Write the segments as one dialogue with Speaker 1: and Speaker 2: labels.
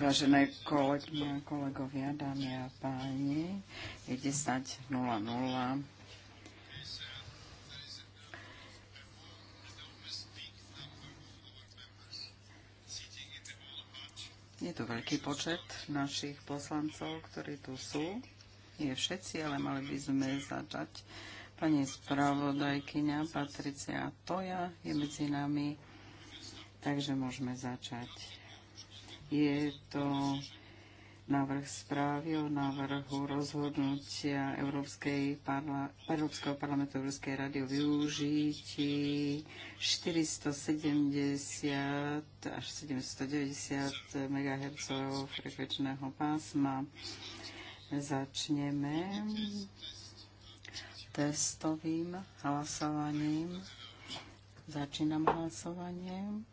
Speaker 1: Vážené kolegyne a kolegovia, dámy a páni, je 10.00. Je tu veľký počet našich poslancov, ktorí tu sú. Nie všetci, ale mali by sme začať. Pani spravodajkyňa Patricia Toja je medzi nami Takže môžeme začať. Je to návrh správy o návrhu rozhodnutia Európskej parla- Európskeho parlamentu Európskej rady o využití 470 až 790 MHz frekvenčného pásma. Začneme testovým hlasovaním. Začínam hlasovaním.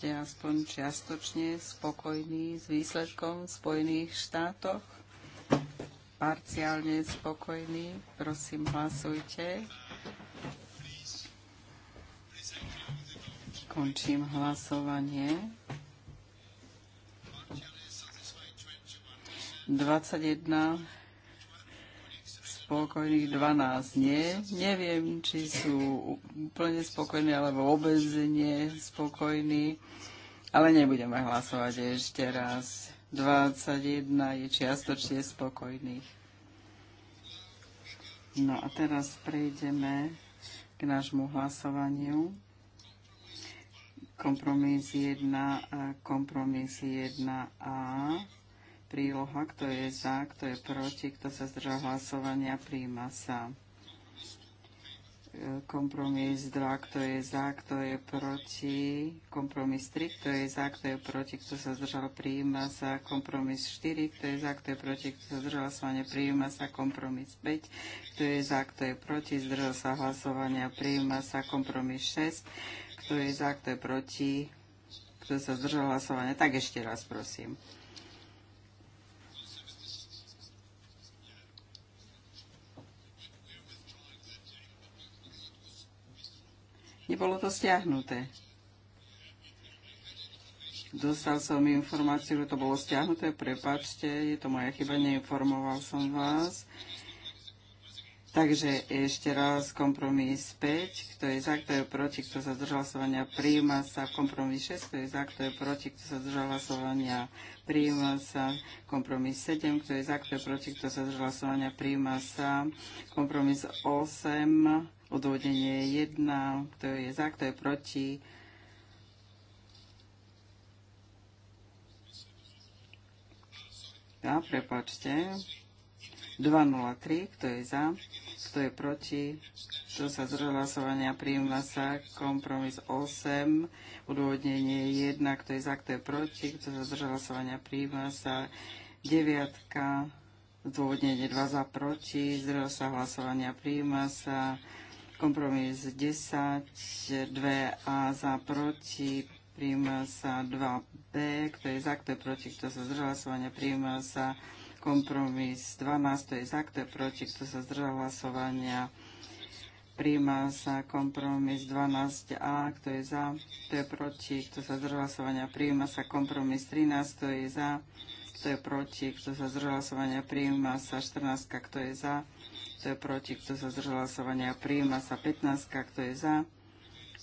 Speaker 1: ste aspoň čiastočne spokojní s výsledkom v Spojených štátoch? Parciálne spokojní? Prosím, hlasujte. Končím hlasovanie. 21 spokojných 12 nie. Neviem, či sú úplne spokojní alebo vôbec nie spokojní, ale nebudeme hlasovať ešte raz. 21 je čiastočne spokojných. No a teraz prejdeme k nášmu hlasovaniu. Kompromis 1 a kompromis 1a príloha, kto je za, kto je proti, kto sa zdržal hlasovania, príjma sa. Kompromis 2, kto je za, kto je proti. Kompromis 3, kto je za, kto je proti, kto sa zdržal, príjma sa. Kompromis 4, kto je za, kto je proti, kto sa zdržal hlasovania, príjma sa. Kompromis 5, kto je za, kto je proti, zdržal sa hlasovania, príjma sa. Kompromis 6, kto je za, kto je proti, kto sa zdržal hlasovania. Tak ešte raz, prosím. Nebolo to stiahnuté. Dostal som informáciu, že to bolo stiahnuté. Prepačte, je to moja chyba, neinformoval som vás. Takže ešte raz kompromis 5, kto je za, kto je proti, kto sa zdržal hlasovania, prijíma sa. Kompromis 6, kto je za, kto je proti, kto sa zdržal hlasovania, prijíma sa. Kompromis 7, kto je za, kto je proti, kto sa zdržal hlasovania, prijíma sa. Kompromis 8, odvodenie 1, kto je za, kto je proti. ja, prepačte. 203, kto je za, kto je proti, kto sa z hlasovania prijíma sa, kompromis 8, odvodnenie 1, kto je za, kto je proti, kto sa z hlasovania prijíma sa, 9, zdôvodnenie 2 za proti, zdržal sa hlasovania, prijíma sa, Kompromis 10, 2A za proti, príjma sa 2B, kto je za, kto je proti, kto sa zdržal hlasovania, príjma sa kompromis 12, kto je za, kto je proti, kto sa zdržal hlasovania, príjma sa kompromis 12A, kto je za, kto je proti, kto sa zdržal hlasovania, príjma sa kompromis 13, kto je za, kto je proti, kto sa zdržal hlasovania, prijíma sa 14, kto je za, kto je proti, kto sa zdržal hlasovania, prijíma sa 15, kto je za,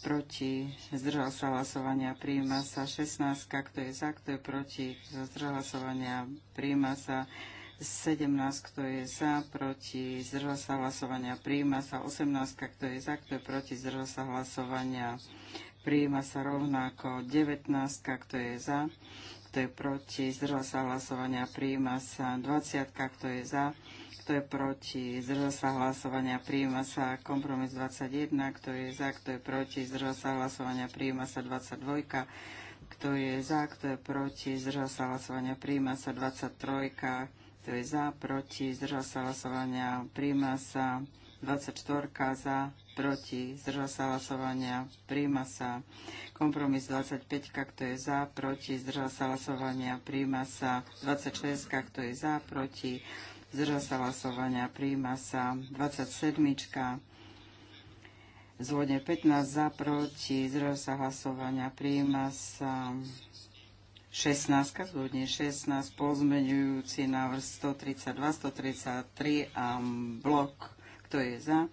Speaker 1: proti, zdržal sa hlasovania, prijíma sa 16, kto je za, kto je proti, kto sa zdržal hlasovania, prijíma sa 17, kto je za, proti, zdržal sa hlasovania, prijíma sa 18, kto je za, kto je proti, zdržal sa hlasovania, prijíma sa rovnako 19, kto je za, kto je proti, zdržal sa hlasovania, prijíma sa 20, kto je za, kto je proti, zdržal sa hlasovania, prijíma sa kompromis 21, kto je za, kto je proti, zdržal sa hlasovania, prijíma sa 22, kto je za, kto je proti, zdržal sa hlasovania, prijíma sa 23, kto je za, proti, zdržal sa hlasovania, prijíma sa 23, 24 za, proti, zdržal sa hlasovania, príjma sa. Kompromis 25, kto je za, proti, zdržal sa hlasovania, príjma sa. 26, kto je za, proti, zdržal sa hlasovania, príjma sa. 27, zvodne 15 za, proti, zdržal sa hlasovania, príjma sa. 16, zvodne 16, pozmeňujúci návrh 132, 133 a blok kto je za?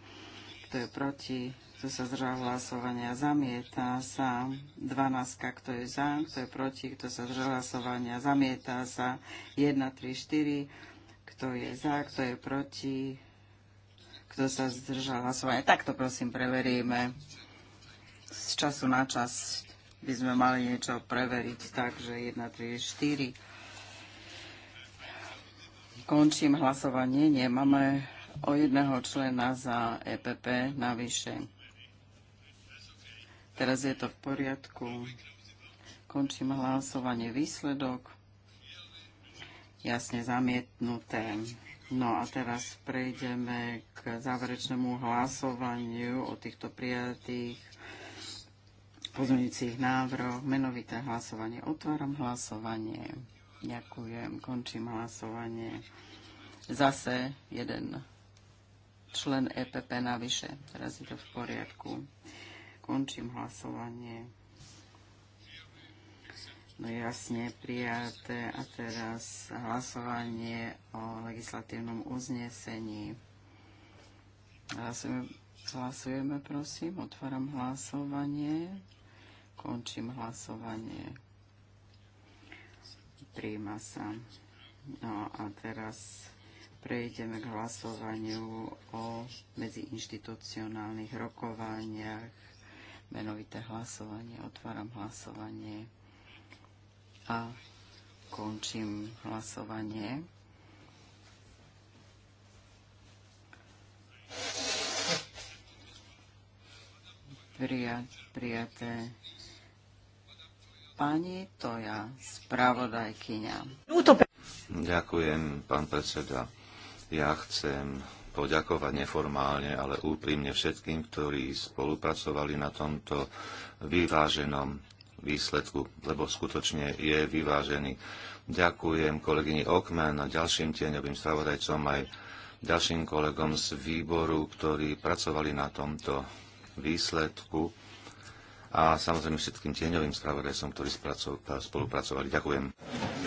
Speaker 1: Kto je proti? Kto sa zdržal hlasovania? Zamieta sa. 12. Kto je za? Kto je proti? Kto sa zdržal hlasovania? Zamieta sa. 1, 3, 4. Kto je za? Kto je proti? Kto sa zdržal hlasovania? Takto prosím preveríme. Z času na čas by sme mali niečo preveriť, takže 1, 3, 4. Končím hlasovanie, nemáme o jedného člena za EPP navyše. Teraz je to v poriadku. Končím hlasovanie výsledok. Jasne zamietnuté. No a teraz prejdeme k záverečnému hlasovaniu o týchto prijatých pozmeňujúcich návrhoch. Menovité hlasovanie. Otváram hlasovanie. Ďakujem. Končím hlasovanie. Zase jeden člen EPP navyše. Teraz je to v poriadku. Končím hlasovanie. No jasne, prijaté. A teraz hlasovanie o legislatívnom uznesení. Hlasujeme, hlasujeme prosím. Otváram hlasovanie. Končím hlasovanie. Príjma sa. No a teraz prejdeme k hlasovaniu o medziinštitucionálnych rokovaniach. Menovité hlasovanie. Otváram hlasovanie a končím hlasovanie. Prijat, prijaté pani Toja, spravodajkyňa.
Speaker 2: Ďakujem, pán predseda. Ja chcem poďakovať neformálne, ale úprimne všetkým, ktorí spolupracovali na tomto vyváženom výsledku, lebo skutočne je vyvážený. Ďakujem kolegyni Okman a ďalším tieňovým spravodajcom aj ďalším kolegom z výboru, ktorí pracovali na tomto výsledku a samozrejme všetkým tieňovým spravodajcom, ktorí spolupracovali. Ďakujem.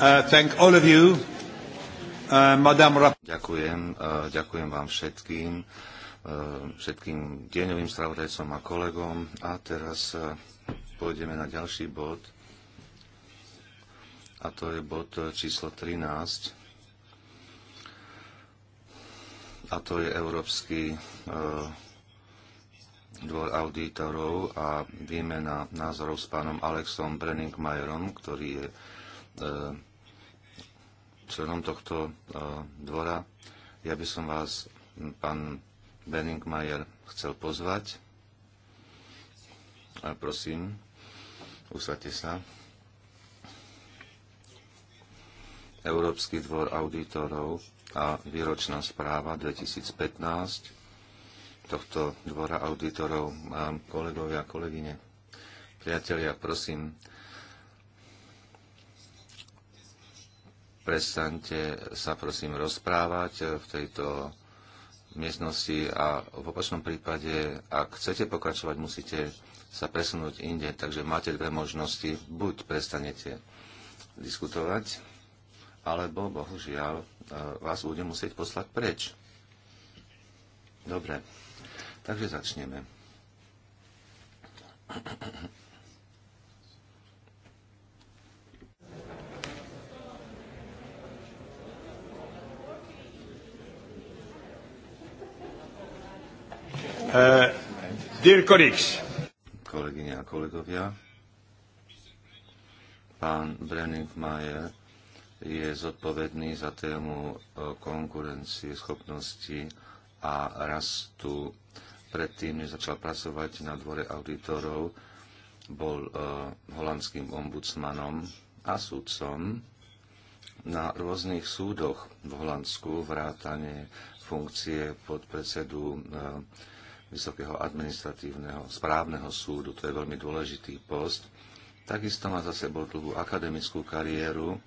Speaker 2: Uh, thank all of you. Eh, ďakujem, eh, ďakujem vám všetkým, eh, všetkým deňovým spravodajcom a kolegom. A teraz pôjdeme na ďalší bod, a to je bod číslo 13. A to je Európsky dvor auditorov a výmena názorov s pánom Alexom Brenningmajerom, ktorý je členom tohto e, dvora. Ja by som vás, pán Benningmajer, chcel pozvať. A prosím, usadte sa. Európsky dvor auditorov a výročná správa 2015 tohto dvora auditorov. Kolegovia, kolegyne, priatelia, prosím, prestante sa prosím rozprávať e, v tejto miestnosti a v opačnom prípade, ak chcete pokračovať, musíte sa presunúť inde. Takže máte dve možnosti. Buď prestanete diskutovať, alebo bohužiaľ e, vás bude musieť poslať preč. Dobre, takže začneme. Eh, dear colleagues. Kolegyne a kolegovia, pán Brenning Mayer je zodpovedný za tému eh, konkurencie, schopnosti a rastu. Predtým, než začal pracovať na dvore auditorov, bol eh, holandským ombudsmanom a sudcom na rôznych súdoch v Holandsku, vrátane funkcie podpredsedu Vysokého administratívneho správneho súdu. To je veľmi dôležitý post. Takisto má za sebou dlhú akademickú kariéru.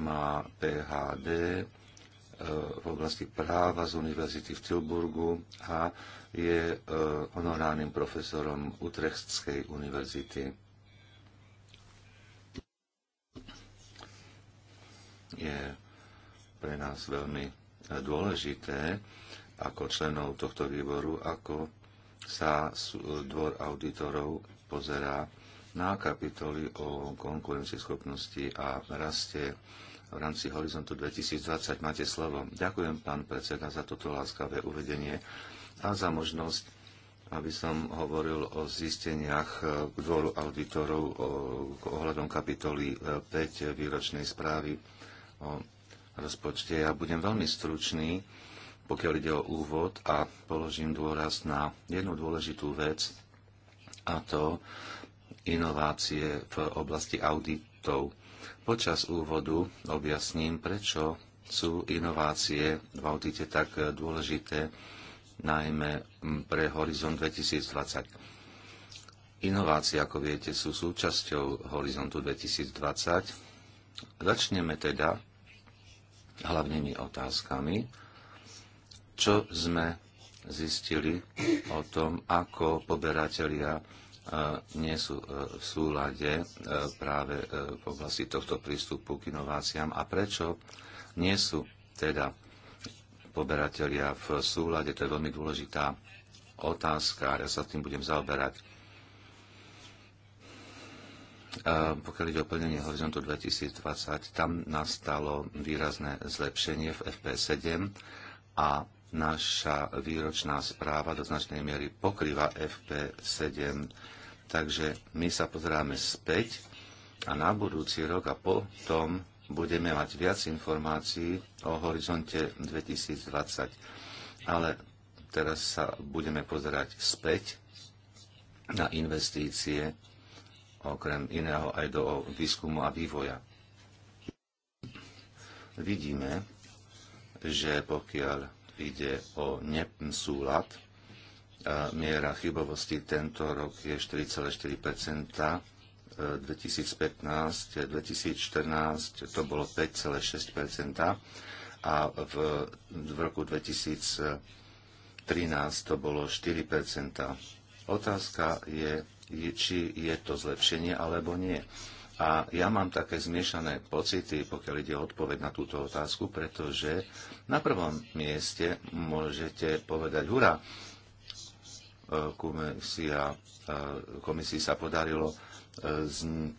Speaker 2: Má PHD e, v oblasti práva z Univerzity v Tilburgu a je e, honorárnym profesorom Utrechtskej univerzity. Je pre nás veľmi e, dôležité, ako členov tohto výboru, ako sa dvor auditorov pozerá na kapitoly o konkurencieschopnosti a raste v rámci Horizontu 2020. Máte slovo. Ďakujem, pán predseda, za toto láskavé uvedenie a za možnosť, aby som hovoril o zisteniach eh, dvoru auditorov ohľadom kapitoly 5 eh, výročnej správy o rozpočte. Ja budem veľmi stručný pokiaľ ide o úvod a položím dôraz na jednu dôležitú vec a to inovácie v oblasti auditov. Počas úvodu objasním, prečo sú inovácie v audite tak dôležité, najmä pre Horizon 2020. Inovácie, ako viete, sú súčasťou Horizontu 2020. Začneme teda hlavnými otázkami čo sme zistili o tom, ako poberatelia e, nie sú e, v súlade e, práve v oblasti tohto prístupu k inováciám a prečo nie sú teda poberatelia v súlade. To je veľmi dôležitá otázka, a ja sa tým budem zaoberať. Pokiaľ ide o plnenie horizontu 2020, tam nastalo výrazné zlepšenie v FP7 a naša výročná správa do značnej miery pokrýva FP7. Takže my sa pozeráme späť a na budúci rok a potom budeme mať viac informácií o horizonte 2020. Ale teraz sa budeme pozerať späť na investície, okrem iného aj do výskumu a vývoja. Vidíme, že pokiaľ ide o nesúlad. Miera chybovosti tento rok je 4,4 2015, 2014 to bolo 5,6 a v, v roku 2013 to bolo 4 Otázka je, či je to zlepšenie alebo nie. A ja mám také zmiešané pocity, pokiaľ ide o odpoveď na túto otázku, pretože na prvom mieste môžete povedať hurá, e, komisia, e, komisii sa podarilo, e,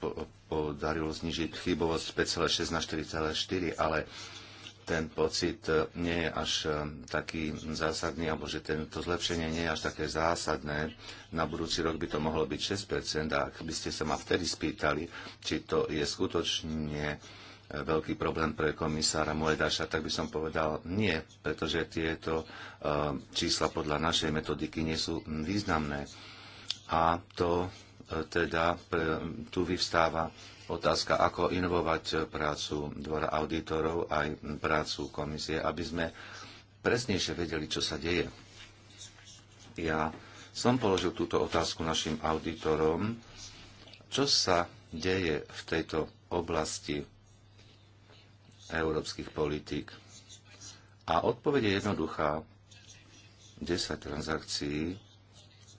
Speaker 2: podarilo znižiť chybovosť 5,6 na 4,4, ale ten pocit e, nie je až e, taký zásadný, alebo že to zlepšenie nie je až také zásadné. Na budúci rok by to mohlo byť 6%, a ak by ste sa ma vtedy spýtali, či to je skutočne e, veľký problém pre komisára Moedaša, tak by som povedal nie, pretože tieto čísla podľa našej metodiky nie sú významné. A to teda tu vyvstáva otázka, ako inovovať prácu Dvora auditorov aj prácu komisie, aby sme presnejšie vedeli, čo sa deje. Ja som položil túto otázku našim auditorom, čo sa deje v tejto oblasti európskych politík. A odpoveď je jednoduchá. 10 transakcií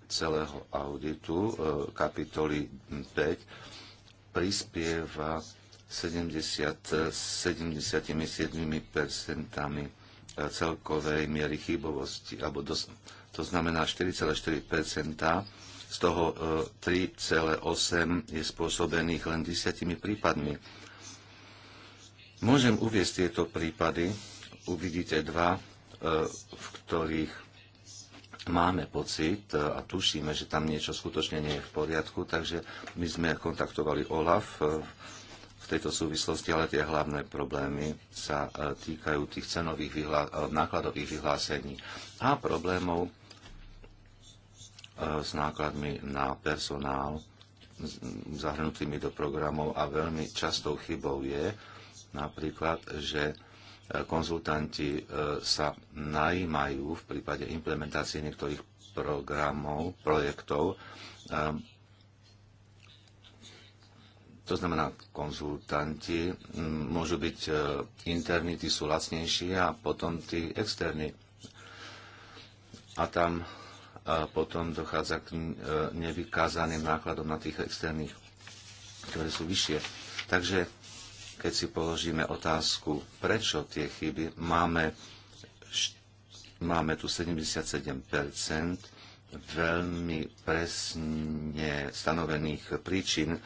Speaker 2: celého auditu e, kapitoly 5 prispieva 70, 77% e, celkovej miery chybovosti, alebo dos, to znamená 4,4%, z toho 3,8 e, je spôsobených len 10 prípadmi. Môžem uviezť tieto prípady, uvidíte dva, e, v ktorých máme pocit a tušíme, že tam niečo skutočne nie je v poriadku, takže my sme kontaktovali OLAF e, v tejto súvislosti, ale tie hlavné problémy sa e, týkajú tých cenových vyhlá- e, nákladových vyhlásení a problémov s nákladmi na personál zahrnutými do programov a veľmi častou chybou je napríklad, že konzultanti e, sa najímajú v prípade implementácie niektorých programov, projektov. E, to znamená, konzultanti môžu byť e, interní, tí sú lacnejší a potom tí externí. A tam potom dochádza k nevykázaným nákladom na tých externých, ktoré sú vyššie. Takže keď si položíme otázku, prečo tie chyby, máme, máme tu 77 veľmi presne stanovených príčin,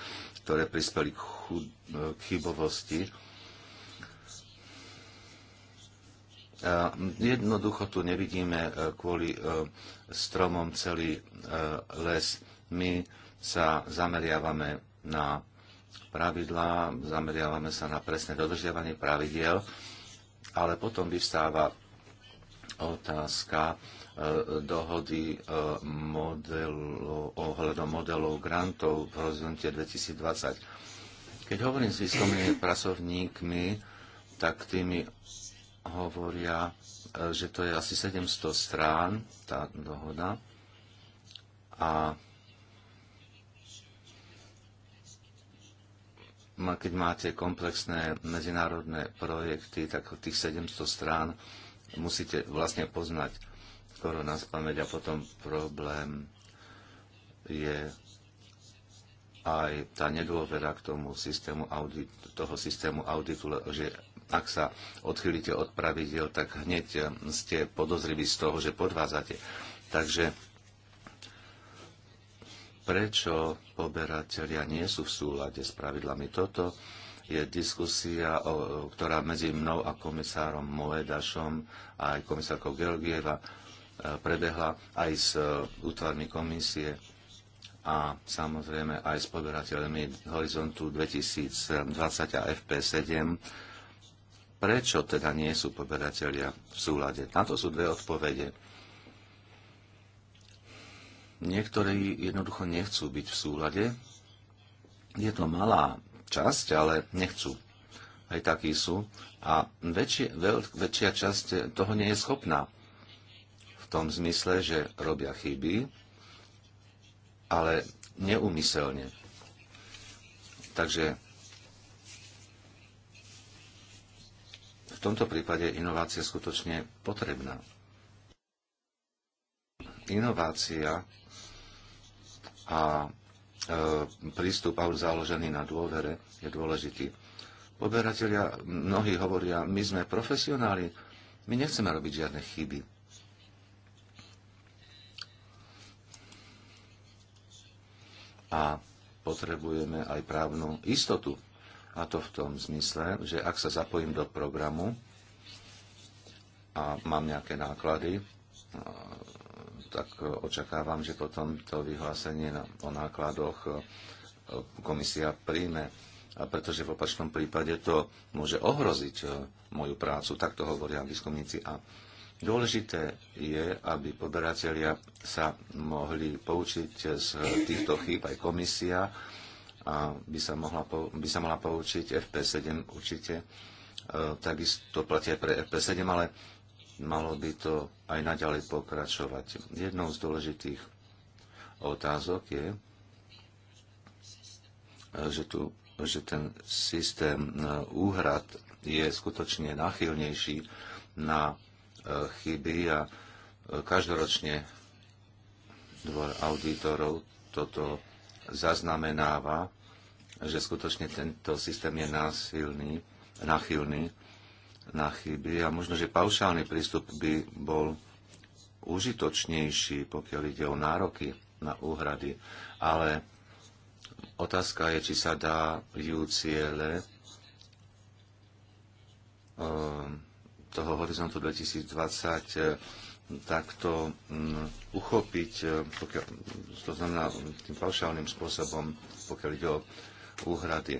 Speaker 2: ktoré prispeli k, chud- k chybovosti. Jednoducho tu nevidíme e, kvôli e, stromom celý e, les. My sa zameriavame na pravidlá, zameriavame sa na presné dodržiavanie pravidiel, ale potom vyvstáva otázka e, dohody e, modelu, ohľadom modelov grantov v horizonte 2020. Keď hovorím s výskumnými pracovníkmi, tak tými hovoria, e, že to je asi 700 strán, tá dohoda. A keď máte komplexné medzinárodné projekty, tak tých 700 strán musíte vlastne poznať skoro na spameť a potom problém je aj tá nedôvera k tomu systému audit, toho systému auditu, že ak sa odchýlite od pravidel, tak hneď ste podozriví z toho, že podvádzate. Takže prečo poberatelia nie sú v súlade s pravidlami. Toto je diskusia, ktorá medzi mnou a komisárom Moedašom a aj komisárkou Georgieva e, prebehla aj s e, útvarmi komisie a samozrejme aj s poberateľmi Horizontu 2020 a FP7. Prečo teda nie sú poberatelia v súlade? Na to sú dve odpovede Niektorí jednoducho nechcú byť v súlade. Je to malá časť, ale nechcú. Aj takí sú. A väčšie, veľ, väčšia časť toho nie je schopná. V tom zmysle, že robia chyby, ale neumyselne. Takže v tomto prípade inovácia je skutočne potrebná. Inovácia a e, prístup založený na dôvere je dôležitý. Poberatelia mnohí hovoria, my sme profesionáli, my nechceme robiť žiadne chyby. A potrebujeme aj právnu istotu. A to v tom zmysle, že ak sa zapojím do programu a mám nejaké náklady, tak e, očakávam, že potom to vyhlásenie o nákladoch e, komisia príjme, pretože v opačnom prípade to môže ohroziť e, moju prácu, tak to hovoria výskumníci. A dôležité je, aby poberatelia sa mohli poučiť z týchto chýb aj komisia a by sa mohla, by sa mohla poučiť FP7 určite. Takisto platia aj pre FP7, ale malo by to aj naďalej pokračovať. Jednou z dôležitých otázok je, že, tu, že ten systém e, úhrad je skutočne nachylnejší na e, chyby a e, každoročne dvor auditorov toto zaznamenáva, že skutočne tento systém je násilný, nachylný na chyby a možno, že paušálny prístup by bol užitočnejší, pokiaľ ide o nároky na úhrady, ale otázka je, či sa dá ju ciele ehm, toho horizontu 2020 ehm, takto mm, uchopiť, ehm, pokiaľ, to znamená tým paušálnym spôsobom, pokiaľ ide o úhrady.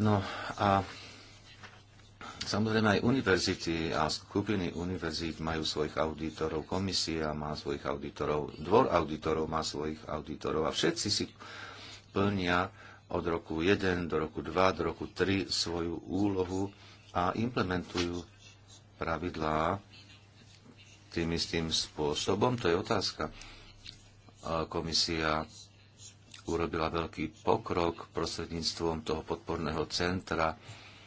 Speaker 2: No a Samozrejme aj univerzity a skupiny univerzít majú svojich auditorov, komisia má svojich auditorov, dvor auditorov má svojich auditorov a všetci si plnia od roku 1 do roku 2, do roku 3 svoju úlohu a implementujú pravidlá tým istým spôsobom. To je otázka. Komisia urobila veľký pokrok prostredníctvom toho podporného centra,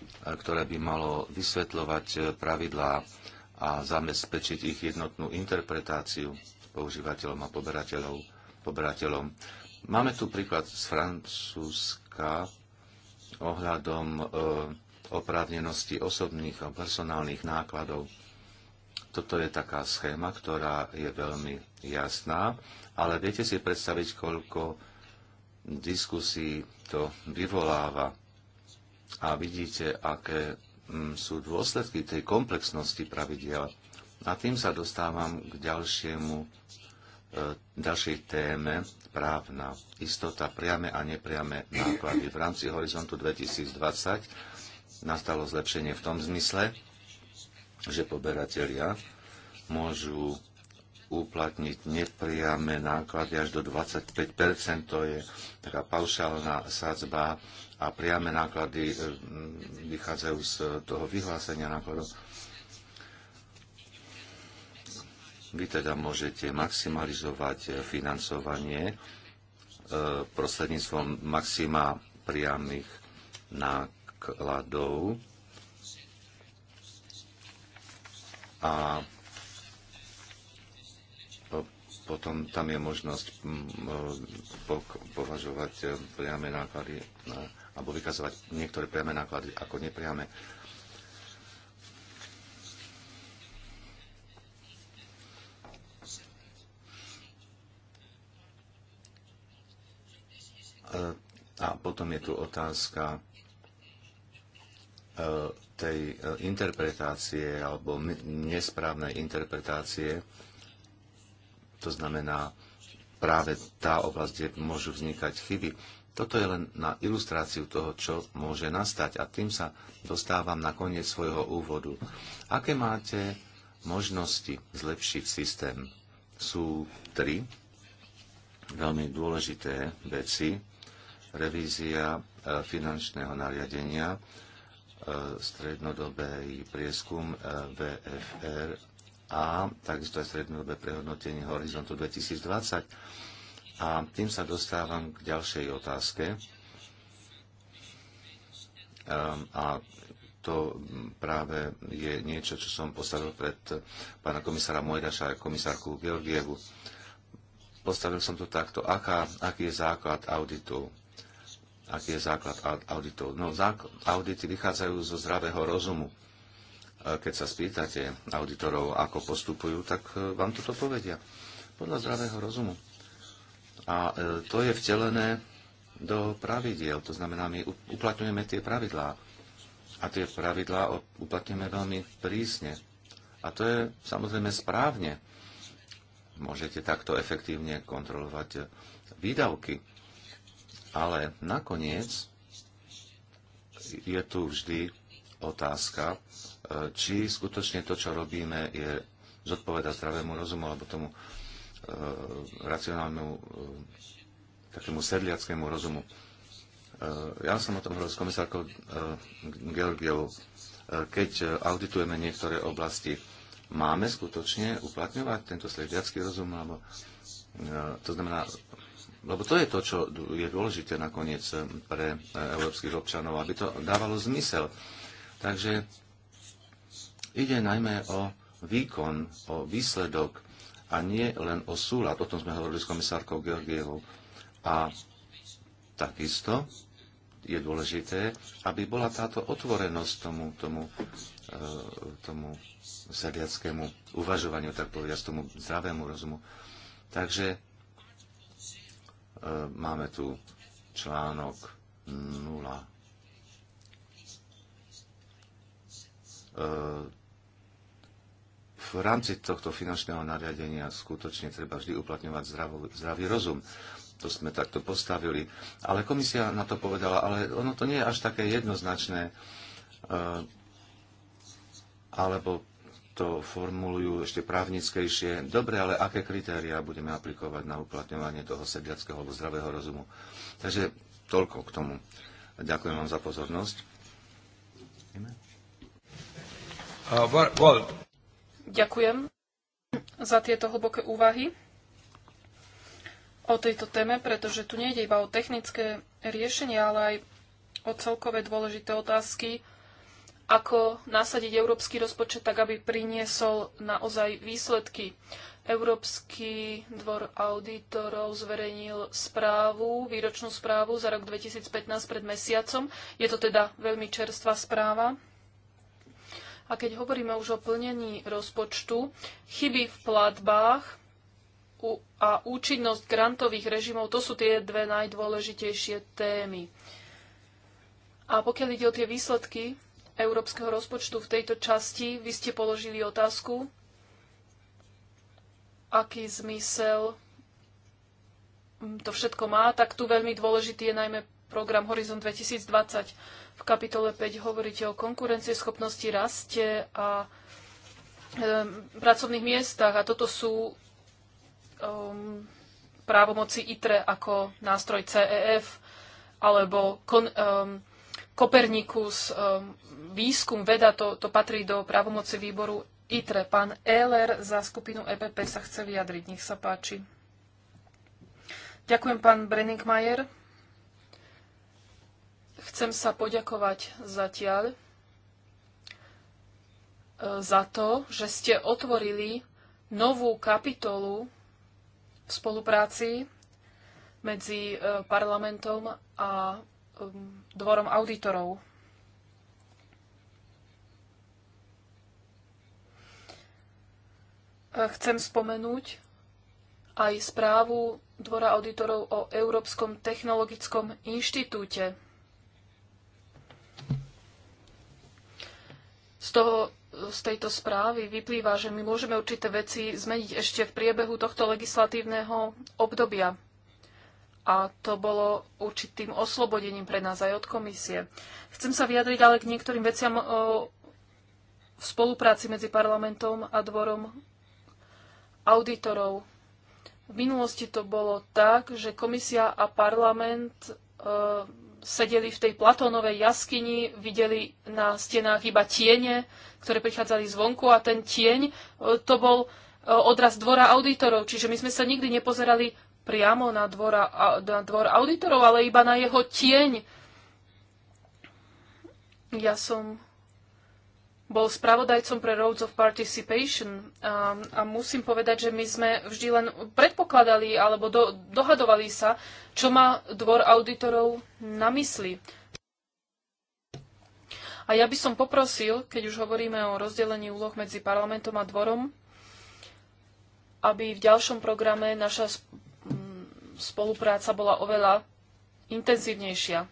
Speaker 2: E, ktoré by malo vysvetľovať e, pravidlá a zabezpečiť ich jednotnú interpretáciu používateľom a poberateľom. poberateľom. Máme tu príklad z Francúzska ohľadom e, oprávnenosti osobných a personálnych nákladov. Toto je taká schéma, ktorá je veľmi jasná, ale viete si predstaviť, koľko diskusí to vyvoláva a vidíte, aké mm, sú dôsledky tej komplexnosti pravidel. A tým sa dostávam k ďalšiemu, e, ďalšej téme právna istota, priame a nepriame náklady. V rámci Horizontu 2020 nastalo zlepšenie v tom zmysle, že poberatelia môžu uplatniť nepriame náklady až do 25 To je taká paušálna sadzba a priame náklady e, vychádzajú z toho vyhlásenia nákladov. Vy teda môžete maximalizovať e, financovanie e, prostredníctvom maxima priamých nákladov a potom tam je možnosť považovať priame náklady na alebo vykazovať niektoré priame náklady ako nepriame. A potom je tu otázka e, tej e, interpretácie alebo nesprávnej interpretácie. To znamená práve tá oblasť, kde môžu vznikať chyby toto je len na ilustráciu toho, čo môže nastať a tým sa dostávam na koniec svojho úvodu. Aké máte možnosti zlepšiť systém? Sú tri veľmi dôležité veci. Revízia e, finančného nariadenia, e, strednodobý prieskum e, VFR a takisto aj strednodobé prehodnotenie horizontu 2020 a tým sa dostávam k ďalšej otázke. Ehm, a to práve je niečo, čo som postavil pred pána komisára Mojdaša a komisárku Georgievu. Postavil som to takto. Aká, aký je základ auditu? Aký je základ auditov? No, audity vychádzajú zo zdravého rozumu. Keď sa spýtate auditorov, ako postupujú, tak eh, vám toto povedia. Podľa zdravého rozumu a e, to je vtelené do pravidiel, to znamená, my uplatňujeme tie pravidlá. A tie pravidlá uplatňujeme veľmi prísne. A to je samozrejme správne. Môžete takto efektívne kontrolovať e, výdavky. Ale nakoniec je tu vždy otázka, e, či skutočne to, čo robíme, je zodpoveda zdravému rozumu alebo tomu Eh, racionálnemu eh, takému sedliackému rozumu. Eh, ja som o tom hovoril s komisárkou Georgievou. Keď auditujeme niektoré oblasti, máme skutočne uplatňovať tento sedliacký rozum, alebo to znamená, lebo to je to, čo je dôležité nakoniec pre európskych občanov, aby to dávalo zmysel. Takže ide najmä o výkon, o výsledok, a nie len o súlad. O tom sme hovorili s komisárkou Georgievou. A takisto je dôležité, aby bola táto otvorenosť tomu, tomu, e, tomu sediackému uvažovaniu, tak povediať, tomu zdravému rozumu. Takže e, máme tu článok 0 v rámci tohto finančného nariadenia skutočne treba vždy uplatňovať zdravú, zdravý rozum. To sme takto postavili. Ale komisia na to povedala, ale ono to nie je až také jednoznačné, e, alebo to formulujú ešte právnickejšie. Dobre, ale aké kritériá budeme aplikovať na uplatňovanie toho sediackého alebo zdravého rozumu? Takže toľko k tomu. Ďakujem vám za pozornosť. Uh, well, well,
Speaker 3: Ďakujem za tieto hlboké úvahy o tejto téme, pretože tu nejde iba o technické riešenie, ale aj o celkové dôležité otázky, ako nasadiť európsky rozpočet tak, aby priniesol naozaj výsledky. Európsky dvor auditorov zverejnil správu, výročnú správu za rok 2015 pred mesiacom. Je to teda veľmi čerstvá správa. A keď hovoríme už o plnení rozpočtu, chyby v platbách a účinnosť grantových režimov, to sú tie dve najdôležitejšie témy. A pokiaľ ide o tie výsledky európskeho rozpočtu v tejto časti, vy ste položili otázku, aký zmysel to všetko má, tak tu veľmi dôležitý je najmä program Horizon 2020. V kapitole 5 hovoríte o konkurencieschopnosti, raste a pracovných miestach a toto sú um, právomoci ITRE ako nástroj CEF alebo kon, um, Kopernikus, um, výskum, veda, to, to patrí do právomoci výboru ITRE. Pán Ehler za skupinu EPP sa chce vyjadriť, nech sa páči. Ďakujem, pán Brenningmajer. Chcem sa poďakovať zatiaľ e, za to, že ste otvorili novú kapitolu v spolupráci medzi e, parlamentom a e, dvorom auditorov. Chcem spomenúť aj správu Dvora auditorov o Európskom technologickom inštitúte. Z, toho, z tejto správy vyplýva, že my môžeme určité veci zmeniť ešte v priebehu tohto legislatívneho obdobia. A to bolo určitým oslobodením pre nás aj od komisie. Chcem sa vyjadriť ale k niektorým veciam o, v spolupráci medzi parlamentom a dvorom auditorov. V minulosti to bolo tak, že komisia a parlament e, sedeli v tej platónovej jaskyni, videli na stenách iba tiene, ktoré prichádzali zvonku a ten tieň e, to bol e, odraz dvora auditorov, čiže my sme sa nikdy nepozerali priamo na, dvora, na dvor auditorov, ale iba na jeho tieň. Ja som bol spravodajcom pre Roads of Participation a, a musím povedať, že my sme vždy len predpokladali alebo do, dohadovali sa, čo má dvor auditorov na mysli. A ja by som poprosil, keď už hovoríme o rozdelení úloh medzi parlamentom a dvorom, aby v ďalšom programe naša spolupráca bola oveľa intenzívnejšia.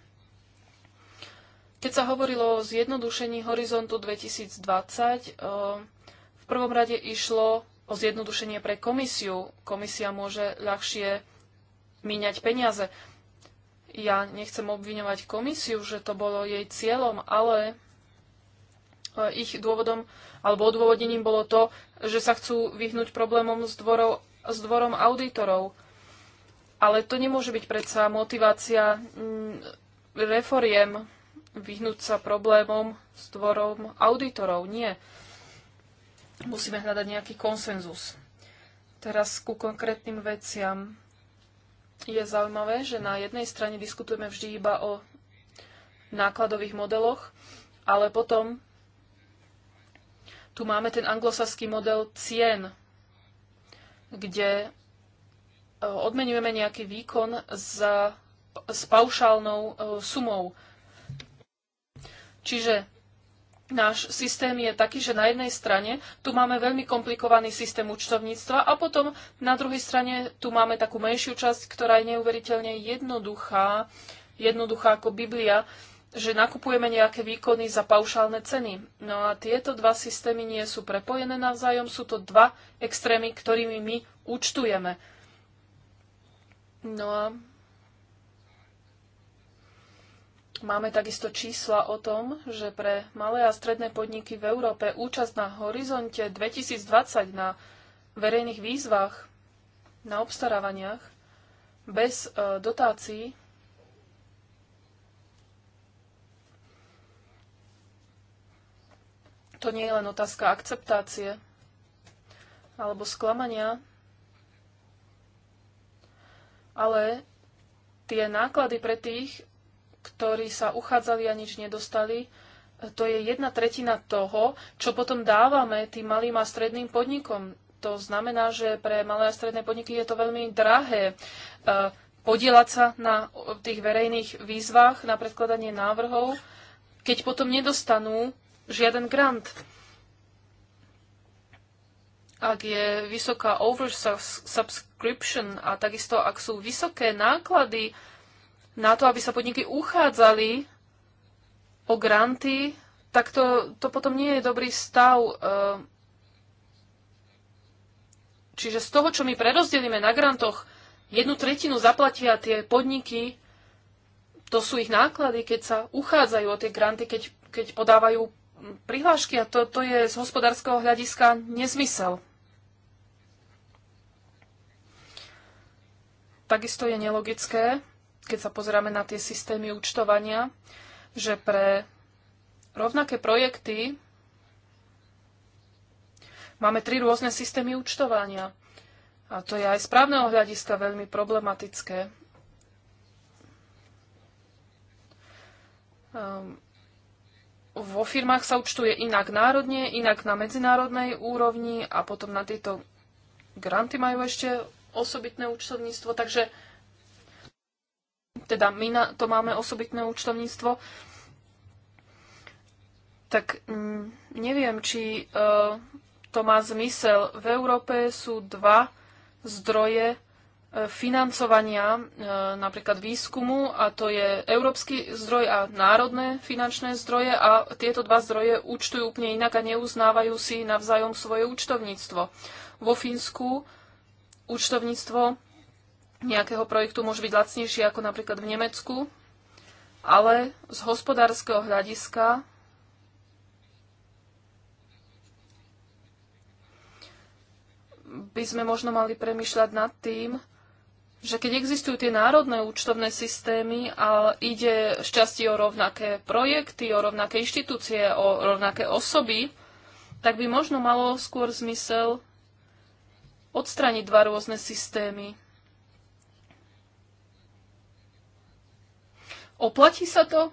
Speaker 3: Keď sa hovorilo o zjednodušení horizontu 2020, eh, v prvom rade išlo o zjednodušenie pre komisiu. Komisia môže ľahšie míňať peniaze. Ja nechcem obviňovať komisiu, že to bolo jej cieľom, ale eh, ich dôvodom alebo odôvodnením bolo to, že sa chcú vyhnúť problémom s, dvorou, s dvorom auditorov. Ale to nemôže byť predsa motivácia mm, reforiem vyhnúť sa problémom s dvorom auditorov. Nie. Musíme hľadať nejaký konsenzus. Teraz ku konkrétnym veciam. Je zaujímavé, že na jednej strane diskutujeme vždy iba o nákladových modeloch, ale potom tu máme ten anglosaský model cien, kde e, odmenujeme nejaký výkon za, s paušálnou e, sumou. Čiže náš systém je taký, že na jednej strane tu máme veľmi komplikovaný systém účtovníctva a potom na druhej strane tu máme takú menšiu časť, ktorá je neuveriteľne jednoduchá, jednoduchá ako Biblia, že nakupujeme nejaké výkony za paušálne ceny. No a tieto dva systémy nie sú prepojené navzájom, sú to dva extrémy, ktorými my účtujeme. No a Máme takisto čísla o tom, že pre malé a stredné podniky v Európe účasť na horizonte 2020 na verejných výzvach, na obstarávaniach bez e, dotácií to nie je len otázka akceptácie alebo sklamania, ale tie náklady pre tých, ktorí sa uchádzali a nič nedostali, to je jedna tretina toho, čo potom dávame tým malým a stredným podnikom. To znamená, že pre malé a stredné podniky je to veľmi drahé e, podielať sa na tých verejných výzvach, na predkladanie návrhov, keď potom nedostanú žiaden grant. Ak je vysoká oversubscription a takisto ak sú vysoké náklady na to, aby sa podniky uchádzali o granty, tak to, to potom nie je dobrý stav. Eh, čiže z toho, čo my prerozdelíme na grantoch, jednu tretinu zaplatia tie podniky, to sú ich náklady, keď sa uchádzajú o tie granty, keď, keď podávajú prihlášky a to, to je z hospodárskeho hľadiska nezmysel. Takisto je nelogické, keď sa pozeráme na tie systémy účtovania, že pre rovnaké projekty máme tri rôzne systémy účtovania. A to je aj z právneho hľadiska veľmi problematické. Ehm, vo firmách sa účtuje inak národne, inak na medzinárodnej úrovni a potom na tieto granty majú ešte osobitné účtovníctvo. Takže teda my na to máme osobitné účtovníctvo, tak mm, neviem, či e, to má zmysel. V Európe sú dva zdroje e, financovania e, napríklad výskumu a to je európsky zdroj a národné finančné zdroje a tieto dva zdroje účtujú úplne inak a neuznávajú si navzájom svoje účtovníctvo. Vo Fínsku účtovníctvo nejakého projektu môže byť lacnejší ako napríklad v Nemecku, ale z hospodárskeho hľadiska by sme možno mali premyšľať nad tým, že keď existujú tie národné účtovné systémy a ide šťastie o rovnaké projekty, o rovnaké inštitúcie, o rovnaké osoby, tak by možno malo skôr zmysel odstraniť dva rôzne systémy. Oplatí sa to, um,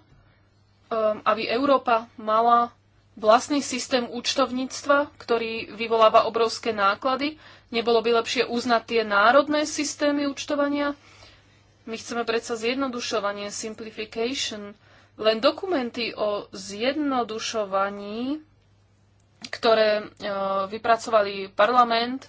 Speaker 3: aby Európa mala vlastný systém účtovníctva, ktorý vyvoláva obrovské náklady? Nebolo by lepšie uznať tie národné systémy účtovania? My chceme predsa zjednodušovanie, simplification. Len dokumenty o zjednodušovaní, ktoré uh, vypracovali parlament,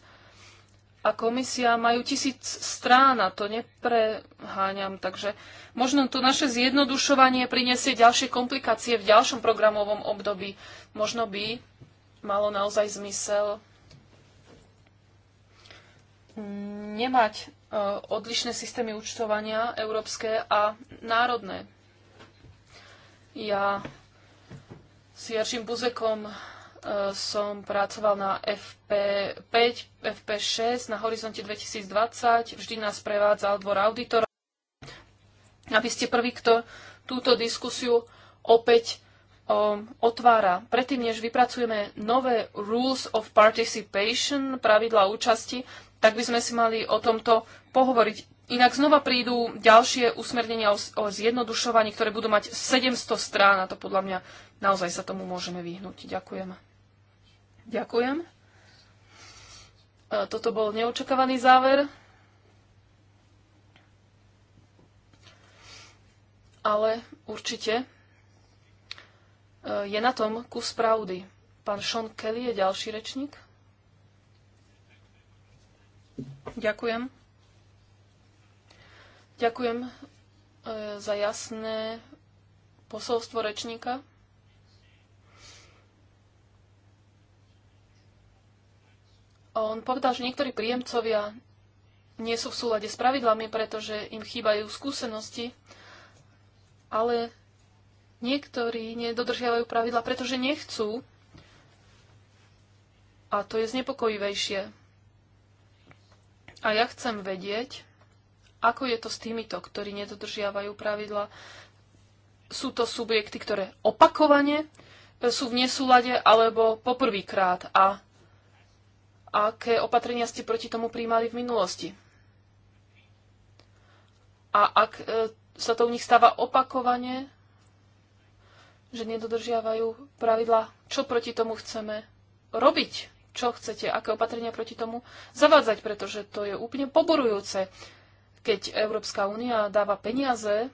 Speaker 3: a komisia majú tisíc strán a to nepreháňam, takže možno to naše zjednodušovanie prinesie ďalšie komplikácie v ďalšom programovom období. Možno by malo naozaj zmysel nemať e, odlišné systémy účtovania, európske a národné. Ja s Jarším Buzekom som pracoval na FP5, FP6 na horizonte 2020. Vždy nás prevádzal dvor auditorov. Aby ste prvý, kto túto diskusiu opäť um, otvára. Predtým, než vypracujeme nové Rules of Participation, pravidla účasti, tak by sme si mali o tomto pohovoriť. Inak znova prídu ďalšie usmernenia o, o zjednodušovaní, ktoré budú mať 700 strán a to podľa mňa naozaj sa tomu môžeme vyhnúť. Ďakujem. Ďakujem. E, toto bol neočakávaný záver. Ale určite e, je na tom kus pravdy. Pán Sean Kelly je ďalší rečník. Ďakujem. Ďakujem e, za jasné posolstvo rečníka. On povedal, že niektorí príjemcovia nie sú v súlade s pravidlami, pretože im chýbajú skúsenosti, ale niektorí nedodržiavajú pravidla, pretože nechcú. A to je znepokojivejšie. A ja chcem vedieť, ako je to s týmito, ktorí nedodržiavajú pravidla. Sú to subjekty, ktoré opakovane sú v nesúlade alebo poprvýkrát a aké opatrenia ste proti tomu príjmali v minulosti. A ak e, sa to u nich stáva opakovane, že nedodržiavajú pravidla, čo proti tomu chceme robiť, čo chcete, aké opatrenia proti tomu zavádzať, pretože to je úplne poborujúce, keď Európska únia dáva peniaze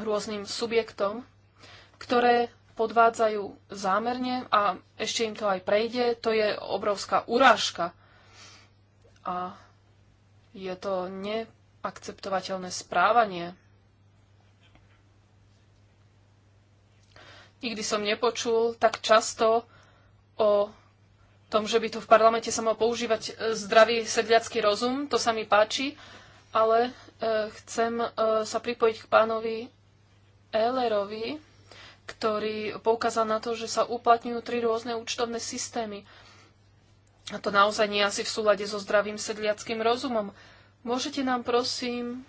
Speaker 3: rôznym subjektom, ktoré podvádzajú zámerne a ešte im to aj prejde, to je obrovská urážka. A je to neakceptovateľné správanie. Nikdy som nepočul tak často o tom, že by tu v parlamente sa mal používať e, zdravý sedliacký rozum, to sa mi páči, ale e, chcem e, sa pripojiť k pánovi Ellerovi, ktorý poukázal na to, že sa uplatňujú tri rôzne účtovné systémy. A to naozaj nie asi v súlade so zdravým sedliackým rozumom. Môžete nám prosím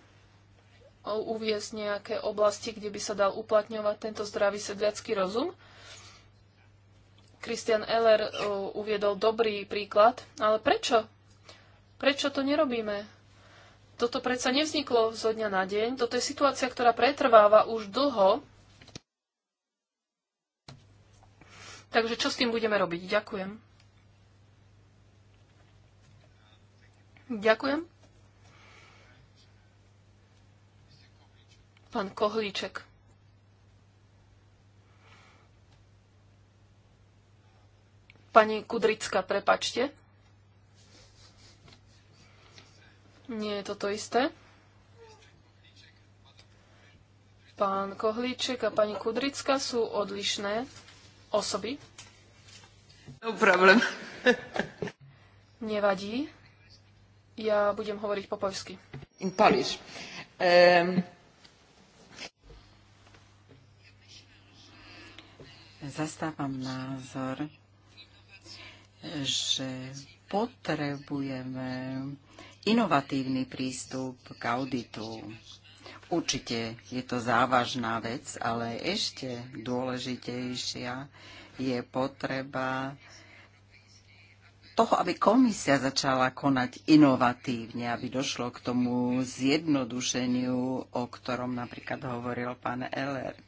Speaker 3: uviezť nejaké oblasti, kde by sa dal uplatňovať tento zdravý sedliacký rozum? Christian Eller eh, uviedol dobrý príklad, ale prečo? Prečo to nerobíme? Toto predsa nevzniklo zo dňa na deň. Toto je situácia, ktorá pretrváva už dlho Takže čo s tým budeme robiť? Ďakujem. Ďakujem. Pán Kohlíček. Pani Kudrická, prepačte. Nie je toto isté. Pán Kohlíček a pani Kudrická sú odlišné osoby.
Speaker 1: No problém.
Speaker 3: Nevadí. Ja budem hovoriť po poľsky.
Speaker 1: In Polish. Um... Zastávam názor, že potrebujeme inovatívny prístup k auditu Určite je to závažná vec, ale ešte dôležitejšia je potreba toho, aby komisia začala konať inovatívne, aby došlo k tomu zjednodušeniu, o ktorom napríklad hovoril pán Elert.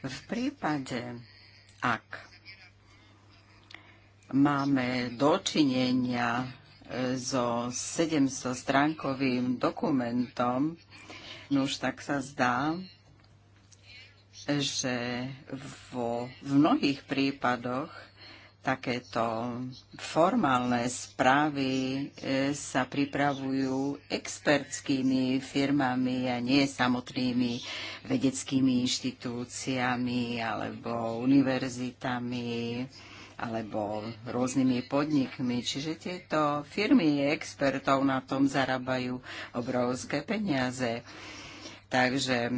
Speaker 1: V prípade, ak máme dočinenia so 700 stránkovým dokumentom, no už tak sa zdá, že vo, v mnohých prípadoch takéto formálne správy e, sa pripravujú expertskými firmami a nie samotnými vedeckými inštitúciami alebo univerzitami alebo rôznymi podnikmi. Čiže tieto firmy expertov na tom zarábajú obrovské peniaze. Takže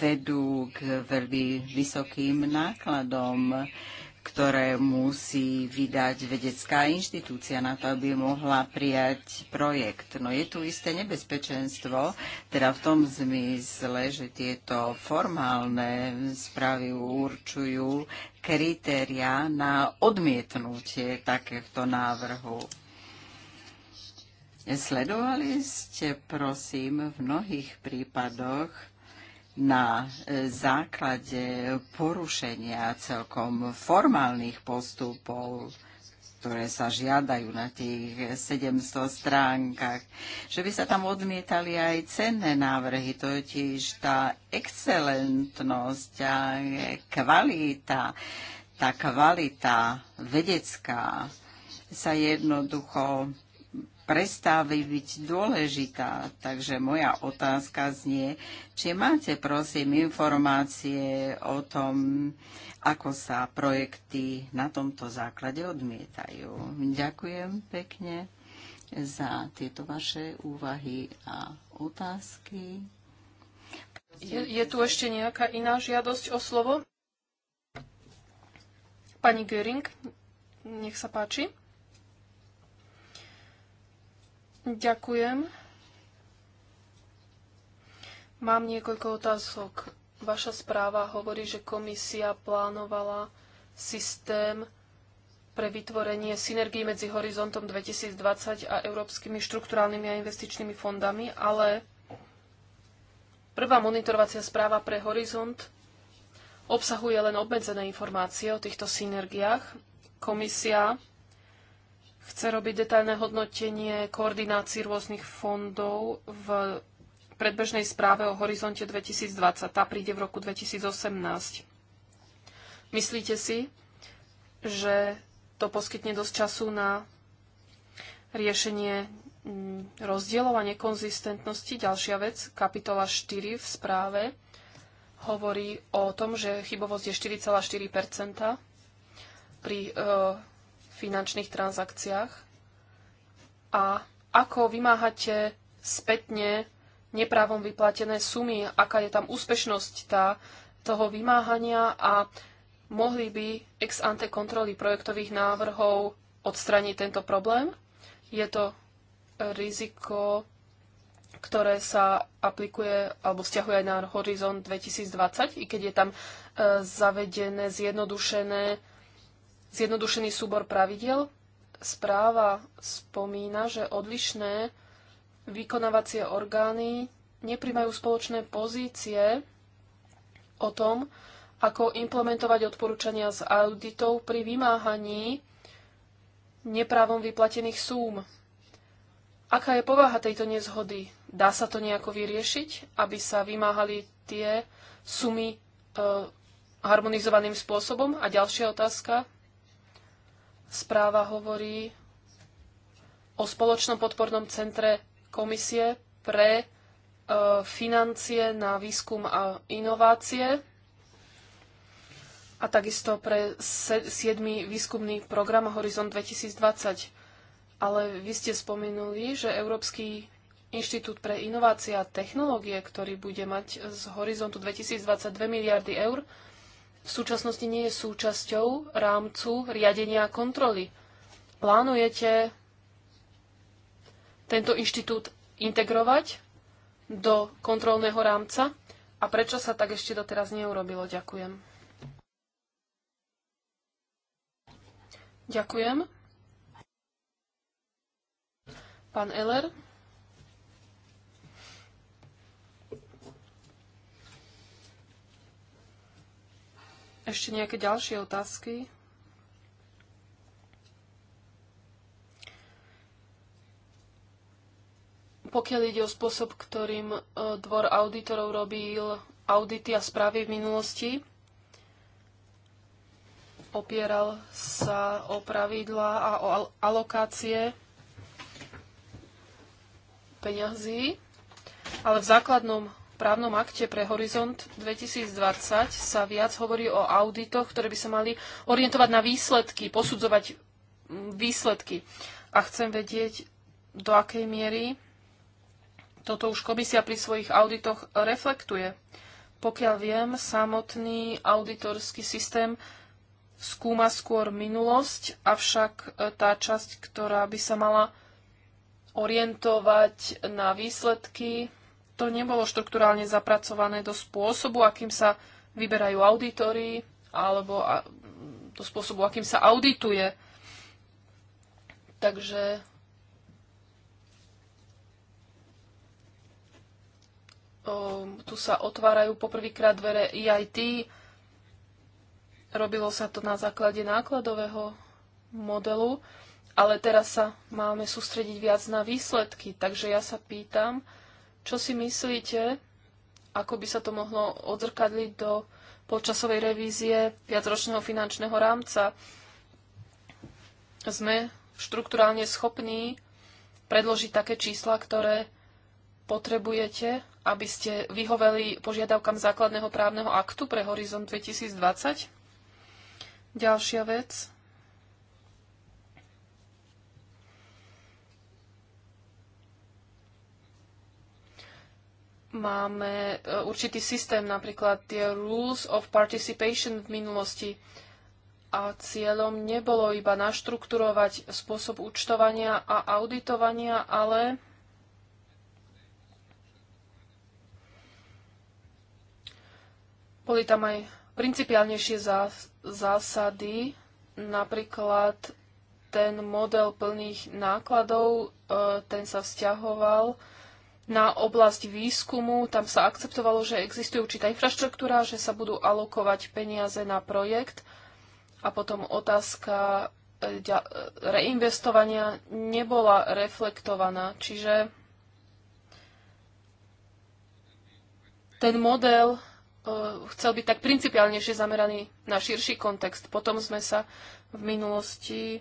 Speaker 1: vedú k veľmi vysokým nákladom, ktoré musí vydať vedecká inštitúcia na to, aby mohla prijať projekt. No je tu isté nebezpečenstvo, teda v tom zmysle, že tieto formálne správy určujú kritéria na odmietnutie takéhto návrhu. Sledovali ste, prosím, v mnohých prípadoch na e, základe porušenia celkom formálnych postupov ktoré sa žiadajú na tých 700 stránkach, že by sa tam odmietali aj cenné návrhy, totiž tá excelentnosť a kvalita, tá kvalita vedecká sa jednoducho prestávi byť dôležitá. Takže moja otázka znie, či máte prosím informácie o tom, ako sa projekty na tomto základe odmietajú. Ďakujem pekne za tieto vaše úvahy a otázky.
Speaker 3: Je, je tu ešte nejaká iná žiadosť o slovo? Pani Göring, nech sa páči. Ďakujem. Mám niekoľko otázok. Vaša správa hovorí, že komisia plánovala systém pre vytvorenie synergií medzi Horizontom 2020 a európskymi štruktúrálnymi a investičnými fondami, ale prvá monitorovacia správa pre Horizont obsahuje len obmedzené informácie o týchto synergiách. Komisia chce robiť detailné hodnotenie koordinácií rôznych fondov v predbežnej správe o horizonte 2020. Tá príde v roku 2018. Myslíte si, že to poskytne dosť času na riešenie mm, rozdielov a nekonzistentnosti. Ďalšia vec, kapitola 4 v správe hovorí o tom, že chybovosť je 4,4 pri e, finančných transakciách a ako vymáhate spätne neprávom vyplatené sumy, aká je tam úspešnosť tá, toho vymáhania a mohli by ex ante kontroly projektových návrhov odstraniť tento problém. Je to riziko, ktoré sa aplikuje alebo vzťahuje aj na Horizont 2020, i keď je tam e, zavedené zjednodušené zjednodušený súbor pravidel. Správa spomína, že odlišné vykonávacie orgány neprimajú spoločné pozície o tom, ako implementovať odporúčania z auditov pri vymáhaní neprávom vyplatených súm. Aká je povaha tejto nezhody? Dá sa to nejako vyriešiť, aby sa vymáhali tie sumy e, harmonizovaným spôsobom? A ďalšia otázka, Správa hovorí o spoločnom podpornom centre komisie pre e, financie na výskum a inovácie a takisto pre 7. výskumný program Horizon 2020. Ale vy ste spomenuli, že Európsky Inštitút pre inovácie a technológie, ktorý bude mať z horizontu 2022 miliardy eur, v súčasnosti nie je súčasťou rámcu riadenia a kontroly. Plánujete tento inštitút integrovať do kontrolného rámca? A prečo sa tak ešte doteraz neurobilo? Ďakujem. Ďakujem. Pán Eller. Ešte nejaké ďalšie otázky? Pokiaľ ide o spôsob, ktorým e, dvor auditorov robil audity a správy v minulosti, opieral sa o pravidlá a o alokácie peňazí, ale v základnom právnom akte pre Horizont 2020 sa viac hovorí o auditoch, ktoré by sa mali orientovať na výsledky, posudzovať mm, výsledky. A chcem vedieť, do akej miery toto už komisia pri svojich auditoch reflektuje. Pokiaľ viem, samotný auditorský systém skúma skôr minulosť, avšak e, tá časť, ktorá by sa mala orientovať na výsledky, to nebolo štrukturálne zapracované do spôsobu, akým sa vyberajú auditory, alebo do spôsobu, akým sa audituje. Takže um, tu sa otvárajú poprvýkrát dvere EIT. Robilo sa to na základe nákladového modelu, ale teraz sa máme sústrediť viac na výsledky. Takže ja sa pýtam, čo si myslíte, ako by sa to mohlo odzrkadliť do počasovej revízie viacročného finančného rámca? Sme štruktúrálne schopní predložiť také čísla, ktoré potrebujete, aby ste vyhoveli požiadavkám základného právneho aktu pre Horizont 2020? Ďalšia vec. máme e, určitý systém, napríklad tie Rules of Participation v minulosti. A cieľom nebolo iba naštrukturovať spôsob účtovania a auditovania, ale boli tam aj principiálnejšie zásady, napríklad ten model plných nákladov, e, ten sa vzťahoval na oblasť výskumu. Tam sa akceptovalo, že existuje určitá infraštruktúra, že sa budú alokovať peniaze na projekt a potom otázka e, e, reinvestovania nebola reflektovaná. Čiže ten model e, chcel byť tak principiálnejšie zameraný na širší kontext. Potom sme sa v minulosti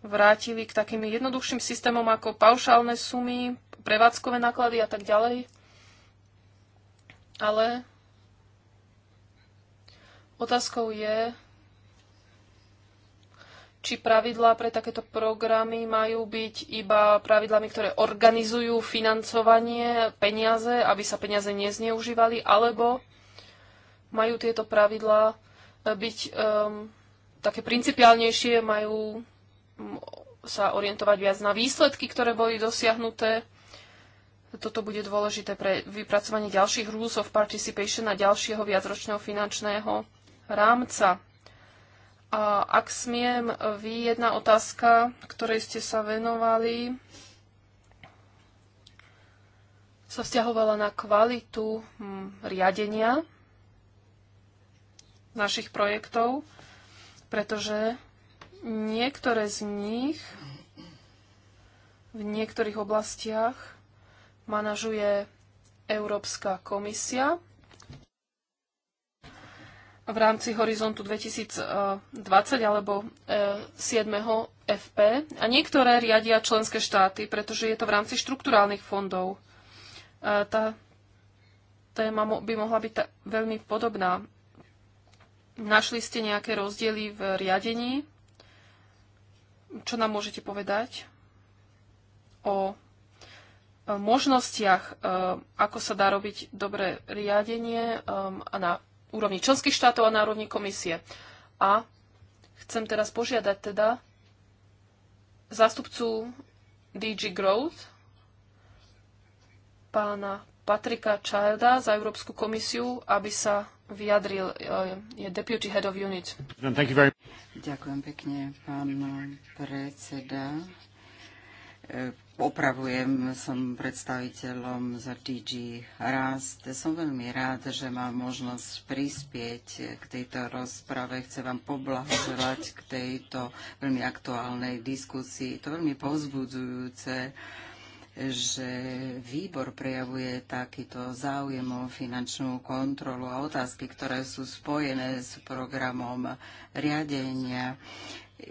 Speaker 3: vrátili k takým jednoduchším systémom ako paušálne sumy, prevádzkové náklady a tak ďalej. Ale otázkou je, či pravidlá pre takéto programy majú byť iba pravidlami, ktoré organizujú financovanie, peniaze, aby sa peniaze nezneužívali, alebo majú tieto pravidlá eh, byť um, také principiálnejšie, majú mm, sa orientovať viac na výsledky, ktoré boli dosiahnuté toto bude dôležité pre vypracovanie ďalších rules of participation a ďalšieho viacročného finančného rámca. A ak smiem, vy jedna otázka, ktorej ste sa venovali, sa vzťahovala na kvalitu hm, riadenia našich projektov, pretože niektoré z nich v niektorých oblastiach manažuje Európska komisia v rámci Horizontu 2020 alebo 7. E, FP a niektoré riadia členské štáty, pretože je to v rámci štrukturálnych fondov. E, tá téma by mohla byť veľmi podobná. Našli ste nejaké rozdiely v riadení? Čo nám môžete povedať o Eh, možnostiach, eh, ako sa dá robiť dobré riadenie a na úrovni členských štátov a na úrovni komisie. A chcem teraz požiadať teda zástupcu DG Growth, pána Patrika Childa za Európsku komisiu, aby sa vyjadril, eh,
Speaker 1: je Deputy Head of Unit. Ďakujem pekne, pán predseda. E, opravujem, som predstaviteľom za DG Rast. Som veľmi rád, že mám možnosť prispieť k tejto rozprave. Chcem vám poblahoželať k tejto veľmi aktuálnej diskusii. To veľmi povzbudzujúce, že výbor prejavuje takýto záujem o finančnú kontrolu a otázky, ktoré sú spojené s programom riadenia.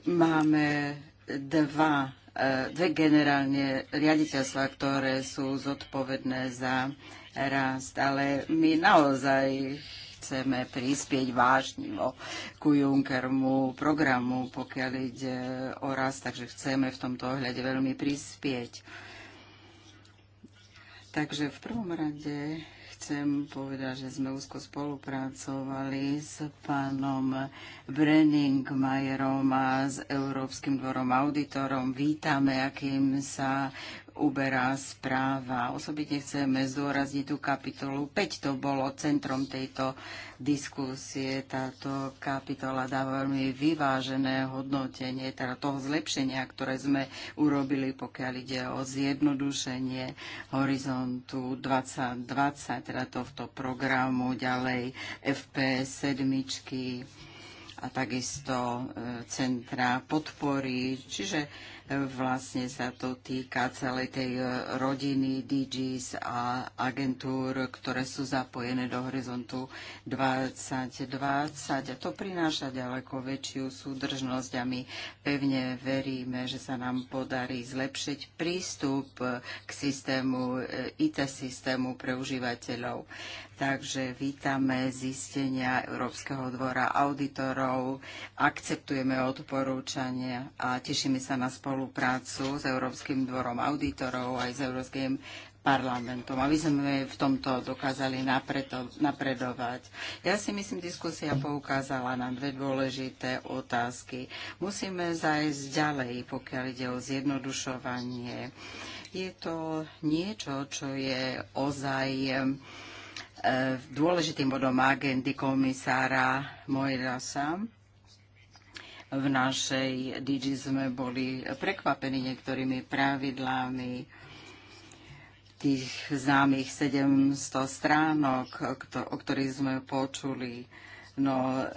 Speaker 1: Máme dva E, dve generálne riaditeľstva, ktoré sú zodpovedné za rast, ale my naozaj chceme prispieť vážnivo ku Junckermu programu, pokiaľ ide o rast, takže chceme v tomto ohľade veľmi prispieť. Takže v prvom rade chcem povedať, že sme úzko spolupracovali s pánom Brenningmajerom a s Európskym dvorom auditorom. Vítame, akým sa uberá správa. Osobite chceme zdôrazniť tú kapitolu 5, to bolo centrom tejto diskusie. Táto kapitola dáva veľmi vyvážené hodnotenie teda toho zlepšenia, ktoré sme urobili, pokiaľ ide o zjednodušenie horizontu 2020, teda tohto programu, ďalej FP 7 a takisto e, centra podpory. Čiže Vlastne sa to týka celej tej e, rodiny DGs a agentúr, ktoré sú zapojené do horizontu 2020. A to prináša ďaleko väčšiu súdržnosť a my pevne veríme, že sa nám podarí zlepšiť prístup e, k systému, e, IT systému pre užívateľov. Takže vítame zistenia Európskeho dvora auditorov, akceptujeme odporúčania a tešíme sa na spolu spoluprácu s Európskym dvorom auditorov aj s Európskym parlamentom, aby sme v tomto dokázali napredo, napredovať. Ja si myslím, diskusia poukázala na dve dôležité otázky. Musíme zajsť ďalej, pokiaľ ide o zjednodušovanie. Je to niečo, čo je ozaj e, dôležitým bodom agendy komisára Mojrasa v našej Digi sme boli prekvapení niektorými pravidlami tých známych 700 stránok, o ktorých sme počuli No,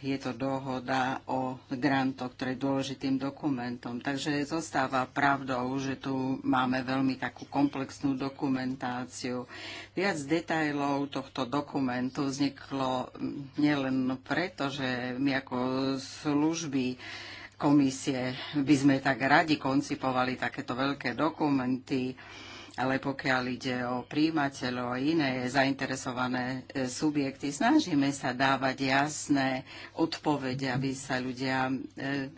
Speaker 1: je to dohoda o grantoch, ktoré je dôležitým dokumentom. Takže zostáva pravdou, že tu máme veľmi takú komplexnú dokumentáciu. Viac detajlov tohto dokumentu vzniklo mm, nielen preto, že my ako služby komisie by sme tak radi koncipovali takéto veľké dokumenty, ale pokiaľ ide o príjimateľov a iné zainteresované e, subjekty, snažíme sa dávať jasné odpovede, aby sa ľudia e,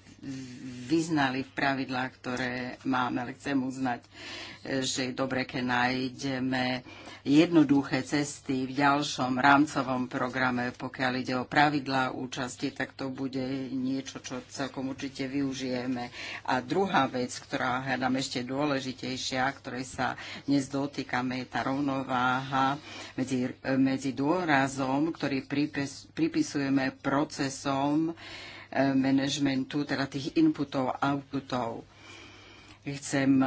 Speaker 1: vyznali v pravidlách, ktoré máme, ale chcem uznať, e, že je dobre, keď nájdeme jednoduché cesty v ďalšom rámcovom programe, pokiaľ ide o pravidlá účasti, tak to bude niečo, čo celkom určite využijeme. A druhá vec, ktorá hľadám ešte dôležitejšia, ktorej sa dnes dotýkame, je tá rovnováha medzi, medzi dôrazom, ktorý pripisujeme procesom, Eh, manažmentu, teda tých inputov, outputov. Chcem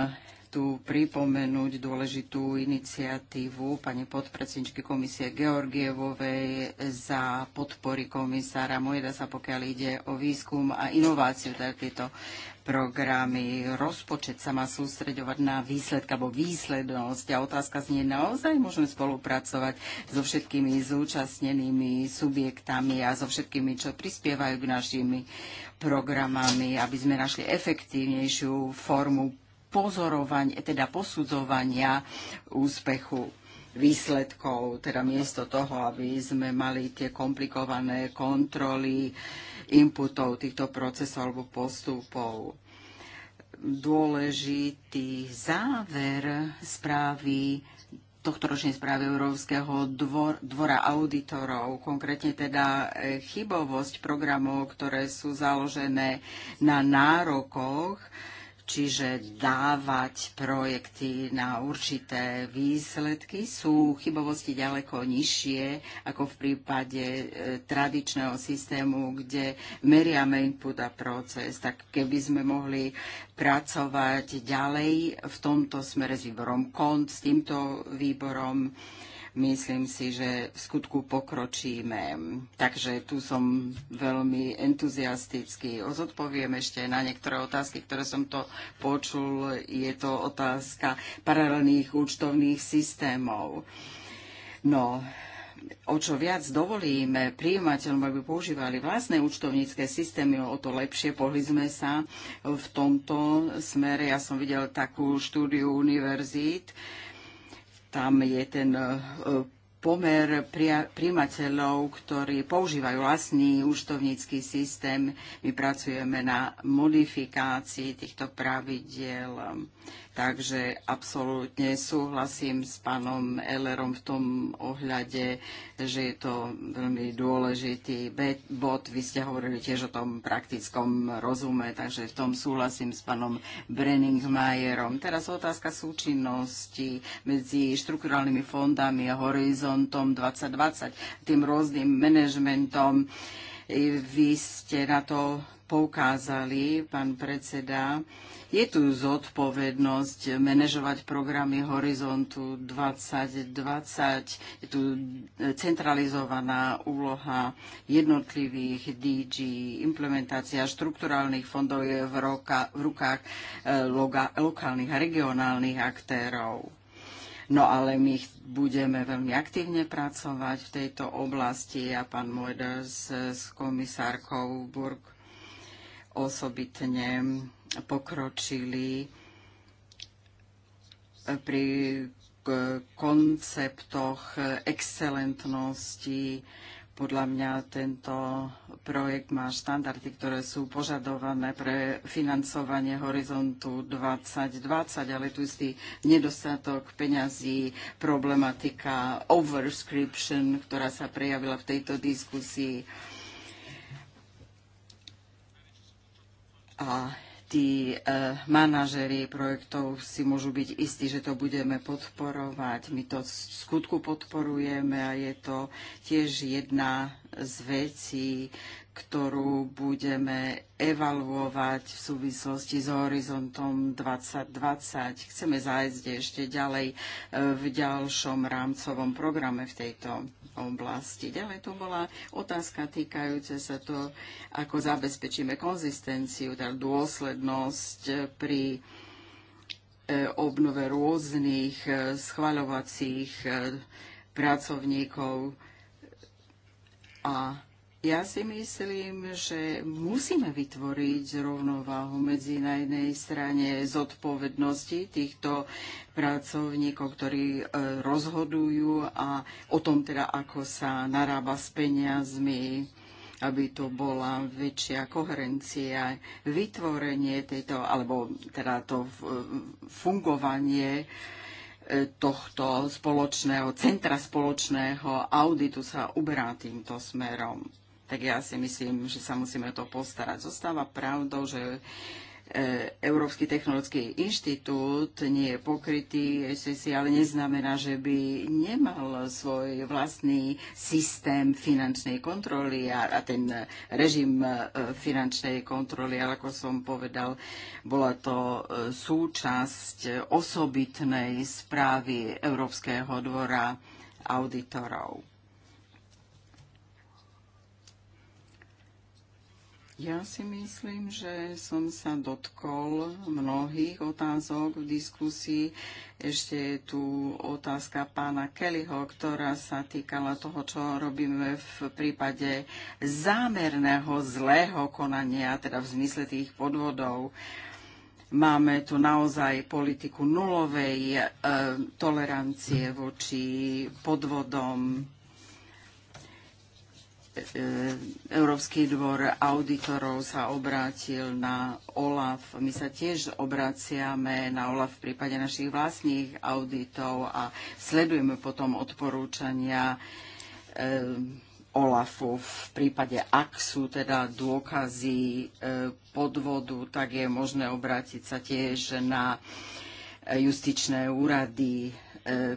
Speaker 1: tu pripomenúť dôležitú iniciatívu pani podpredsedničky komisie Georgievovej za podpory komisára Mojedasa, pokiaľ ide o výskum a inováciu, takéto tieto programy. Rozpočet sa má sústreďovať na výsledka alebo výslednosť a otázka znie naozaj môžeme spolupracovať so všetkými zúčastnenými subjektami a so všetkými, čo prispievajú k našimi programami, aby sme našli efektívnejšiu formu pozorovania, teda posudzovania úspechu výsledkov, teda miesto toho, aby sme mali tie komplikované kontroly inputov týchto procesov alebo postupov. Dôležitý záver správy tohto ročnej správy Európskeho dvor, dvora auditorov, konkrétne teda e, chybovosť programov, ktoré sú založené na nárokoch, čiže dávať projekty na určité výsledky, sú chybovosti ďaleko nižšie ako v prípade e, tradičného systému, kde meriame input a proces. Tak keby sme mohli pracovať ďalej v tomto smere s výborom KONT, s týmto výborom, myslím si, že v skutku pokročíme. Takže tu som veľmi entuziastický. Zodpoviem ešte na niektoré otázky, ktoré som to počul. Je to otázka paralelných účtovných systémov. No, o čo viac dovolíme príjimateľom, aby používali vlastné účtovnícke systémy, no, o to lepšie. Pohli sme sa v tomto smere. Ja som videl takú štúdiu univerzít, tam je ten e, pomer príjimateľov, ktorí používajú vlastný účtovnícky systém. My pracujeme na modifikácii týchto pravidiel. Takže absolútne súhlasím s pánom Ellerom v tom ohľade, že je to veľmi dôležitý bod. Vy ste hovorili tiež o tom praktickom rozume, takže v tom súhlasím s pánom Brenningmajerom. Teraz otázka súčinnosti medzi štrukturálnymi fondami a horizontom 2020, tým rôznym manažmentom. Vy ste na to poukázali, pán predseda, je tu zodpovednosť manažovať programy Horizontu 2020, je tu centralizovaná úloha jednotlivých DG, implementácia štrukturálnych fondov je v, roka, v rukách e, loga, lokálnych a regionálnych aktérov. No ale my budeme veľmi aktívne pracovať v tejto oblasti a pán Moeders e, s komisárkou Burg osobitne pokročili eh, pri eh, konceptoch excelentnosti. Podľa mňa tento projekt má štandardy, ktoré sú požadované pre financovanie horizontu 2020, ale tu istý nedostatok peňazí, problematika overscription, ktorá sa prejavila v tejto diskusii a tí e, manažeri projektov si môžu byť istí, že to budeme podporovať. My to v skutku podporujeme a je to tiež jedna z vecí, ktorú budeme evaluovať v súvislosti s horizontom 2020. Chceme zájsť ešte ďalej e, v ďalšom rámcovom programe v tejto oblasti. Ďalej tu bola otázka týkajúce sa to, ako zabezpečíme konzistenciu, teda dôslednosť pri e, obnove rôznych e, schvaľovacích pracovníkov a ja si myslím, že musíme vytvoriť rovnováhu medzi na jednej strane zodpovednosti týchto pracovníkov, ktorí e, rozhodujú a o tom teda, ako sa narába s peniazmi, aby to bola väčšia koherencia, vytvorenie tejto, alebo teda to e, fungovanie e, tohto spoločného, centra spoločného auditu sa uberá týmto smerom tak ja si myslím, že sa musíme o to postarať. Zostáva pravdou, že e, Európsky technologický inštitút nie je pokrytý, si ale neznamená, že by nemal svoj vlastný systém finančnej kontroly a, a ten režim e, finančnej kontroly, ale ako som povedal, bola to e, súčasť osobitnej správy Európskeho dvora auditorov. Ja si myslím, že som sa dotkol mnohých otázok v diskusii. Ešte je tu otázka pána Kellyho, ktorá sa týkala toho, čo robíme v prípade zámerného zlého konania, teda v zmysle tých podvodov. Máme tu naozaj politiku nulovej e, tolerancie voči podvodom E, Európsky dvor auditorov sa obrátil na OLAF. My sa tiež obraciame na OLAF v prípade našich vlastných auditov a sledujeme potom odporúčania e, OLAFu v prípade, ak sú teda dôkazy e, podvodu, tak je možné obrátiť sa tiež na justičné úrady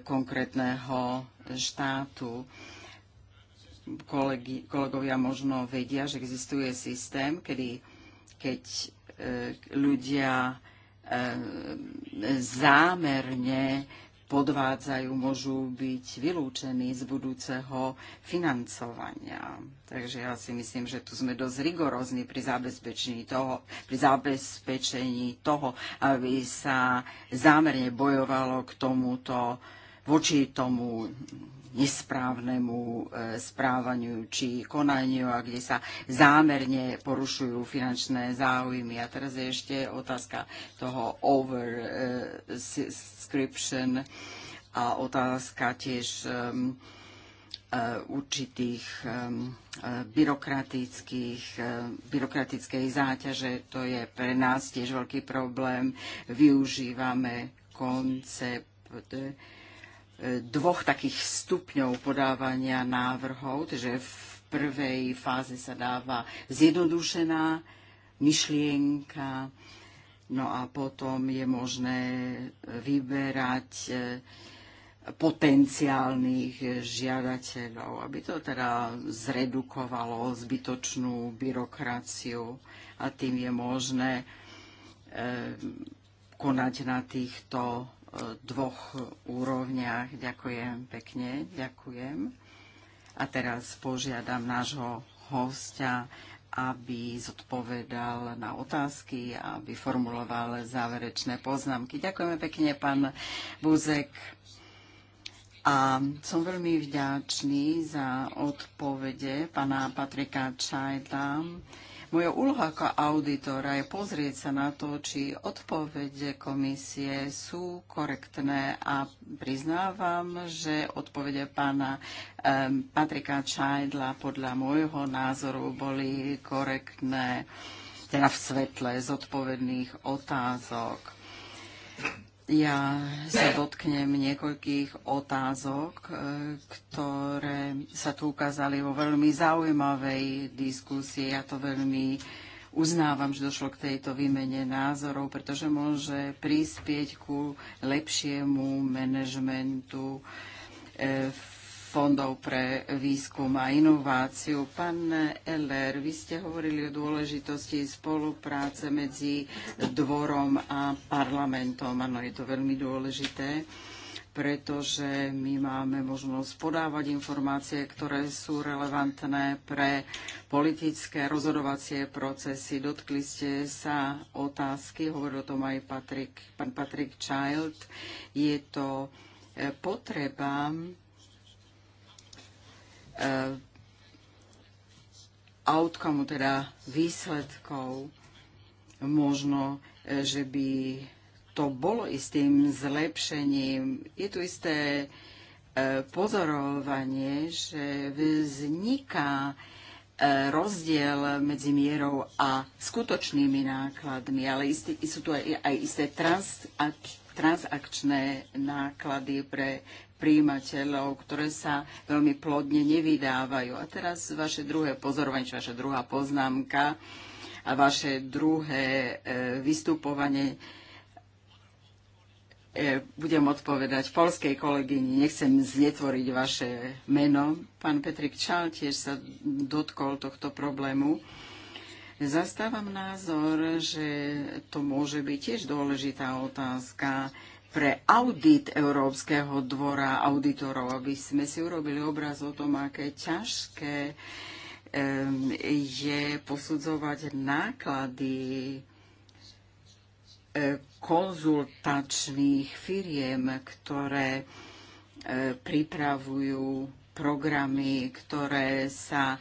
Speaker 1: konkrétneho štátu kolegy, kolegovia možno vedia, že existuje systém, kedy keď e, ľudia e, zámerne podvádzajú, môžu byť vylúčení z budúceho financovania. Takže ja si myslím, že tu sme dosť rigorózni pri zabezpečení toho, pri zabezpečení toho aby sa zámerne bojovalo k tomuto, voči tomu nesprávnemu e, správaniu či konaniu a kde sa zámerne porušujú finančné záujmy. A teraz je ešte otázka toho overscription e, a otázka tiež e, určitých byrokratických, byrokratickej záťaže. To je pre nás tiež veľký problém. Využívame koncept dvoch takých stupňov podávania návrhov, takže v prvej fáze sa dáva zjednodušená myšlienka, no a potom je možné vyberať eh, potenciálnych žiadateľov, aby to teda zredukovalo zbytočnú byrokraciu a tým je možné eh, konať na týchto dvoch úrovniach. Ďakujem pekne, ďakujem. A teraz požiadam nášho hostia, aby zodpovedal na otázky a aby formuloval záverečné poznámky. Ďakujeme pekne, pán Buzek. A som veľmi vďačný za odpovede pana Patrika Čajda moja úloha ako auditora je pozrieť sa na to, či odpovede komisie sú korektné a priznávam, že odpovede pána Patrika Čajdla podľa môjho názoru boli korektné, teda v svetle zodpovedných otázok. Ja sa dotknem niekoľkých otázok, e, ktoré sa tu ukázali vo veľmi zaujímavej diskusii. Ja to veľmi uznávam, že došlo k tejto výmene názorov, pretože môže prispieť ku lepšiemu manažmentu e, v fondov pre výskum a inováciu. Pán Eller, vy ste hovorili o dôležitosti spolupráce medzi dvorom a parlamentom. Áno, je to veľmi dôležité pretože my máme možnosť podávať informácie, ktoré sú relevantné pre politické rozhodovacie procesy. Dotkli ste sa otázky, hovoril o tom aj Patrick, pán Patrick Child. Je to potreba Eh, outcome, teda výsledkov. Možno, eh, že by to bolo istým zlepšením. Je tu isté eh, pozorovanie, že vzniká rozdiel medzi mierou a skutočnými nákladmi, ale istý, sú tu aj, aj isté transakčné náklady pre príjimateľov, ktoré sa veľmi plodne nevydávajú. A teraz vaše druhé pozorovanie, vaša druhá poznámka a vaše druhé e, vystupovanie e, budem odpovedať polskej kolegyni, nechcem znetvoriť vaše meno. Pán Petrik Čal tiež sa dotkol tohto problému. Zastávam názor, že to môže byť tiež dôležitá otázka pre audit Európskeho dvora auditorov, aby sme si urobili obraz o tom, aké ťažké je posudzovať náklady e, konzultačných firiem, ktoré e, pripravujú programy, ktoré sa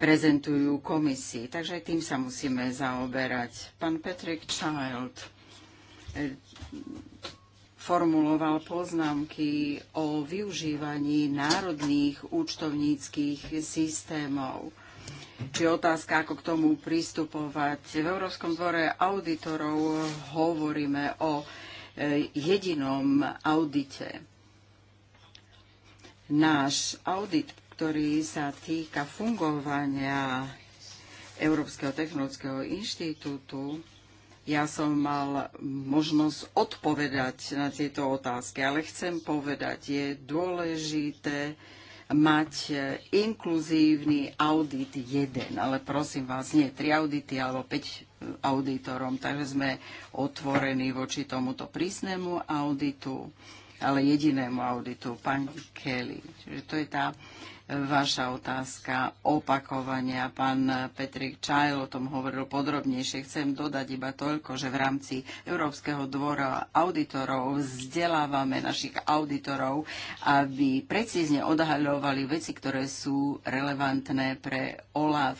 Speaker 1: prezentujú komisii. Takže aj tým sa musíme zaoberať. Pán Patrick Child e, formuloval poznámky o využívaní národných účtovníckých systémov. Či otázka, ako k tomu pristupovať. V Európskom dvore auditorov hovoríme o e, jedinom audite. Náš audit, ktorý sa týka fungovania Európskeho technologického inštitútu, ja som mal možnosť odpovedať na tieto otázky, ale chcem povedať, je dôležité mať inkluzívny audit jeden, ale prosím vás, nie tri audity alebo päť eh, auditorom, takže sme otvorení voči tomuto prísnemu auditu, ale jedinému auditu, Pani Kelly. Čiže to je tá vaša otázka opakovania. Pán Petrik Čajl o tom hovoril podrobnejšie. Chcem dodať iba toľko, že v rámci Európskeho dvora auditorov vzdelávame našich auditorov, aby precízne odhaľovali veci, ktoré sú relevantné pre OLAV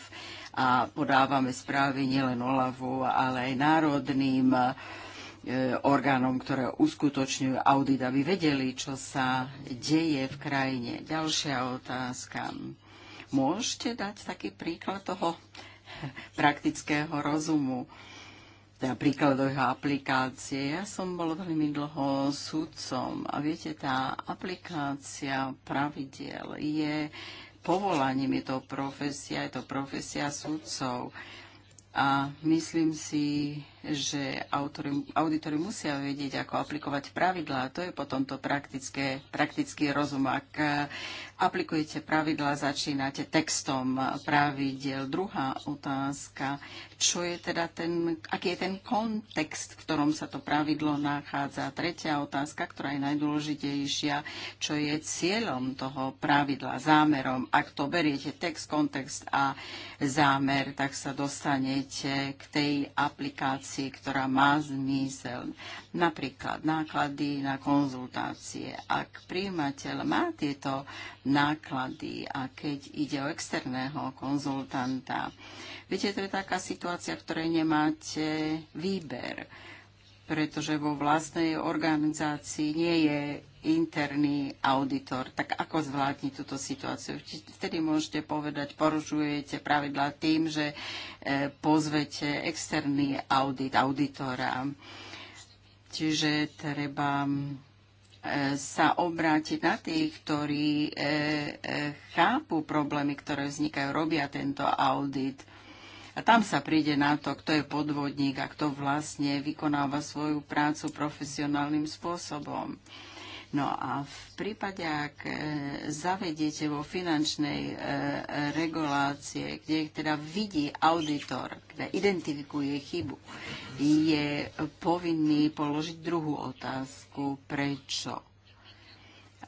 Speaker 1: a podávame správy nielen OLAVu, ale aj národným uh, E, orgánom, ktoré uskutočňujú audit, aby vedeli, čo sa deje v krajine. Ďalšia otázka. Môžete dať taký príklad toho praktického rozumu, teda príklad jeho aplikácie. Ja som bol veľmi dlho sudcom a viete, tá aplikácia pravidel. je povolaním, je to profesia, je to profesia sudcov. A myslím si, že autory, auditory musia vedieť, ako aplikovať pravidlá. To je potom to praktické, praktický rozum. Ak eh, aplikujete pravidlá, začínate textom pravidel. Druhá otázka, čo je teda ten, aký je ten kontext, v ktorom sa to pravidlo nachádza. Tretia otázka, ktorá je najdôležitejšia, čo je cieľom toho pravidla, zámerom. Ak to beriete text, kontext a zámer, tak sa dostanete k tej aplikácii komisii, ktorá má zmysel. Napríklad náklady na konzultácie. Ak príjimateľ má tieto náklady a keď ide o externého konzultanta, viete, to je taká situácia, v ktorej nemáte výber pretože vo vlastnej organizácii nie je interný auditor. Tak ako zvládni túto situáciu? Vtedy môžete povedať, porušujete pravidla tým, že e, pozvete externý audit auditora. Čiže treba e, sa obrátiť na tých, ktorí e, chápu problémy, ktoré vznikajú, robia tento audit. A tam sa príde na to, kto je podvodník a kto vlastne vykonáva svoju prácu profesionálnym spôsobom. No a v prípade, ak e, zavediete vo finančnej e, regulácie, kde teda vidí auditor, kde identifikuje chybu, je povinný položiť druhú otázku, prečo.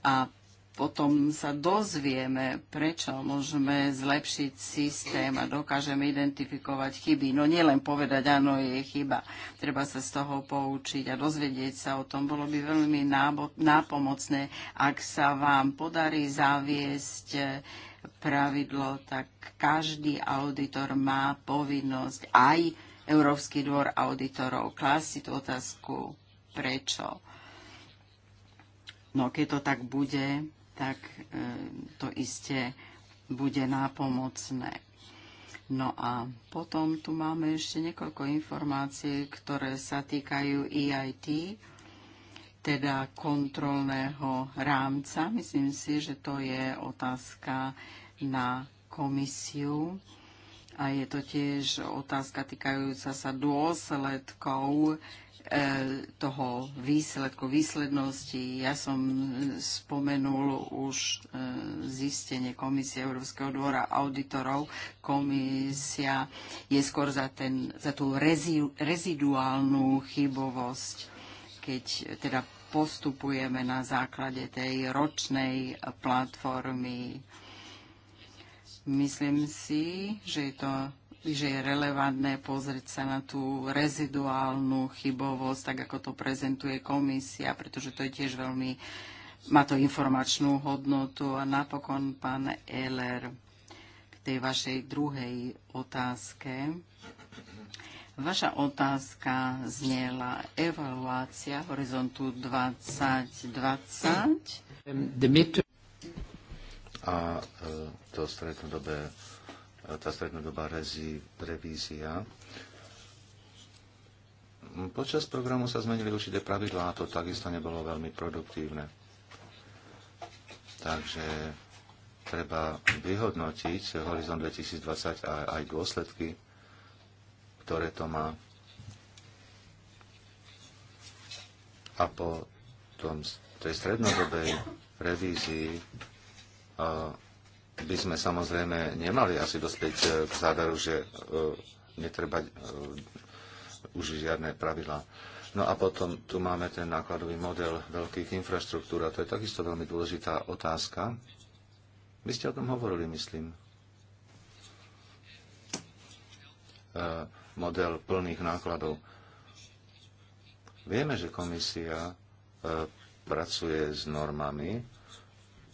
Speaker 1: A potom sa dozvieme, prečo môžeme zlepšiť systém a dokážeme identifikovať chyby. No nielen povedať, áno, je chyba. Treba sa z toho poučiť a dozvedieť sa o tom. Bolo by veľmi nápomocné, ak sa vám podarí zaviesť eh, pravidlo, tak každý auditor má povinnosť, aj Európsky dvor auditorov, klásiť otázku, prečo. No keď to tak bude, tak e, to iste bude nápomocné. No a potom tu máme ešte niekoľko informácií, ktoré sa týkajú EIT, teda kontrolného rámca. Myslím si, že to je otázka na komisiu a je to tiež otázka týkajúca sa dôsledkov E, toho výsledku, výslednosti. Ja som spomenul už e, zistenie Komisie Európskeho dvora auditorov. Komisia je skôr za, ten, za tú reziduálnu chybovosť, keď teda postupujeme na základe tej ročnej platformy. Myslím si, že je to že je relevantné pozrieť sa na tú reziduálnu chybovosť, tak ako to prezentuje komisia, pretože to je tiež veľmi,
Speaker 2: má to informačnú
Speaker 1: hodnotu. A napokon, pán Eller, k tej vašej druhej otázke. Vaša otázka zniela evaluácia horizontu 2020.
Speaker 2: A e, to dobe tá strednodobá revízia. Počas programu sa zmenili určité pravidlá a to takisto nebolo veľmi produktívne. Takže treba vyhodnotiť Horizon 2020 a aj dôsledky, ktoré to má. A po tom, tej strednodobej revízii by sme samozrejme nemali asi dospieť e, k záveru, že e, netreba e, už žiadne pravidlá. No a potom tu máme ten nákladový model veľkých infraštruktúr a to je takisto veľmi dôležitá otázka. Vy ste o tom hovorili, myslím. model plných nákladov. Vieme, že komisia pracuje s normami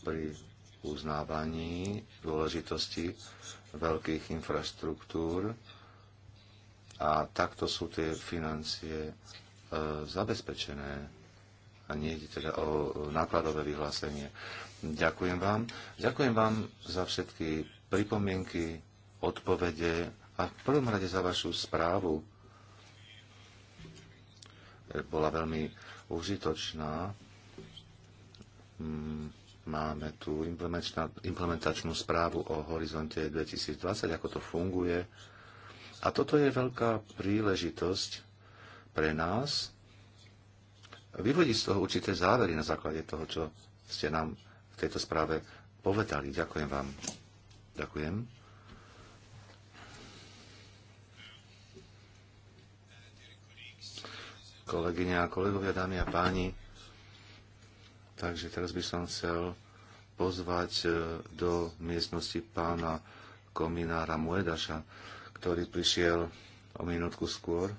Speaker 2: pri uznávaní dôležitosti veľkých infraštruktúr a takto sú tie financie e, zabezpečené a nie je teda o nákladové vyhlásenie. Ďakujem vám. Ďakujem vám za všetky pripomienky, odpovede a v prvom rade za vašu správu. E, bola veľmi užitočná. Mm Máme tu implementačnú správu o horizonte 2020, ako to funguje. A toto je veľká príležitosť pre nás vyvodiť z toho určité závery na základe toho, čo ste nám v tejto správe povedali. Ďakujem vám. Ďakujem. Kolegyne a kolegovia, dámy a páni, Takže teraz by som chcel pozvať e, do miestnosti pána kominára Muedaša, ktorý prišiel o minútku skôr.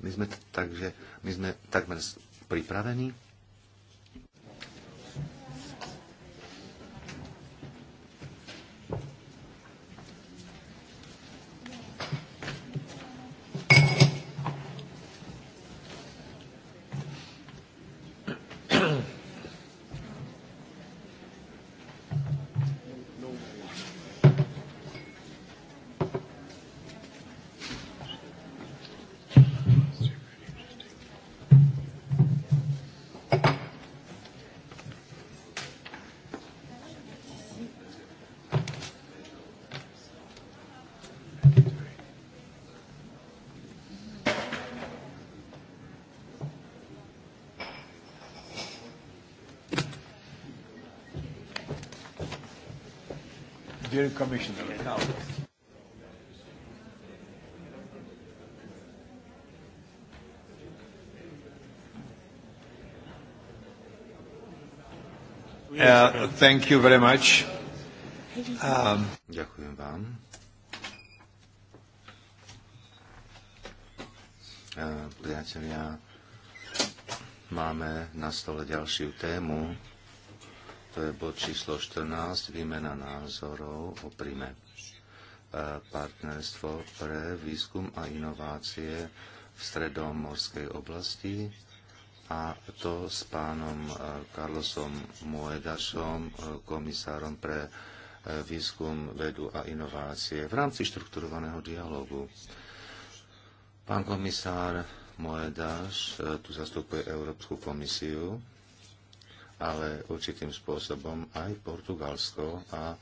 Speaker 2: My sme, takže, my sme takmer pripravení.
Speaker 3: dear Commissioner.
Speaker 2: Uh, thank you very much. Um, Ďakujem vám. Uh, priatelia, máme na stole ďalšiu tému. To je bod číslo 14, výmena názorov o príjme e, partnerstvo pre výskum a inovácie v stredomorskej oblasti a to s pánom e, Carlosom Moedašom, e, komisárom pre výskum, vedu a inovácie v rámci štrukturovaného dialogu. Pán komisár Moedaš tu zastupuje Európsku komisiu ale určitým spôsobom aj Portugalsko a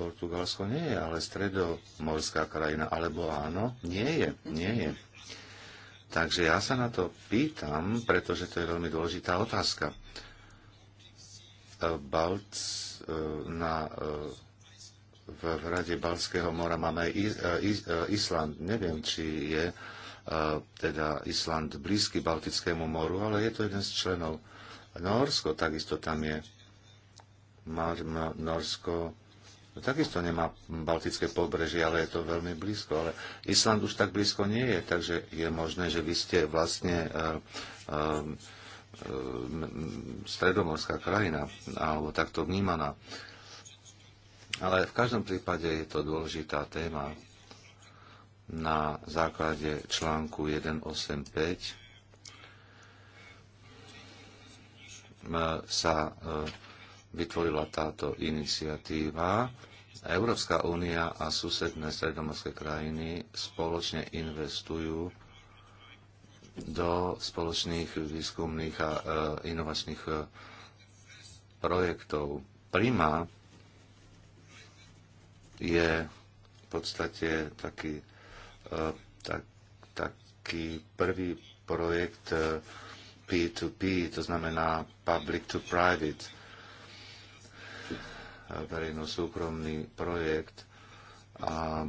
Speaker 2: Portugalsko nie je ale stredomorská krajina, alebo áno, nie je, nie je. Takže ja sa na to pýtam, pretože to je veľmi dôležitá otázka. E, Balc, e, na, e, v, v rade Balského mora máme aj Island. Neviem, či je teda Island blízky Baltickému moru, ale je to jeden z členov Norsko takisto tam je. Norsko no takisto nemá Baltické pobrežie, ale je to veľmi blízko. Ale Island už tak blízko nie je, takže je možné, že vy ste vlastne uh, uh, stredomorská krajina, alebo takto vnímaná. Ale v každom prípade je to dôležitá téma na základe článku 185 E, sa e, vytvorila táto iniciatíva. Európska únia a susedné stredomorské krajiny spoločne investujú do spoločných výskumných a e, inovačných projektov. Prima je v podstate taký, tak, taký prvý projekt P2P, to znamená public to private, verejno-súkromný projekt, a,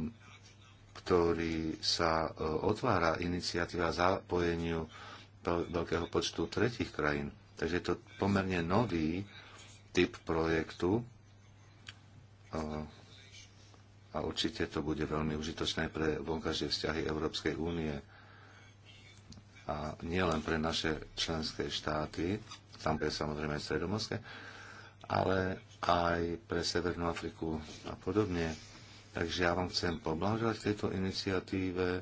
Speaker 2: ktorý sa e, otvára iniciatíva zapojeniu veľkého počtu tretich krajín. Takže je to pomerne nový typ projektu a určite to bude veľmi užitočné pre vonkažie vzťahy Európskej únie a nielen pre naše členské štáty, tam pre samozrejme aj stredomorské, ale aj pre Severnú Afriku a podobne. Takže ja vám chcem poblahoželať tejto iniciatíve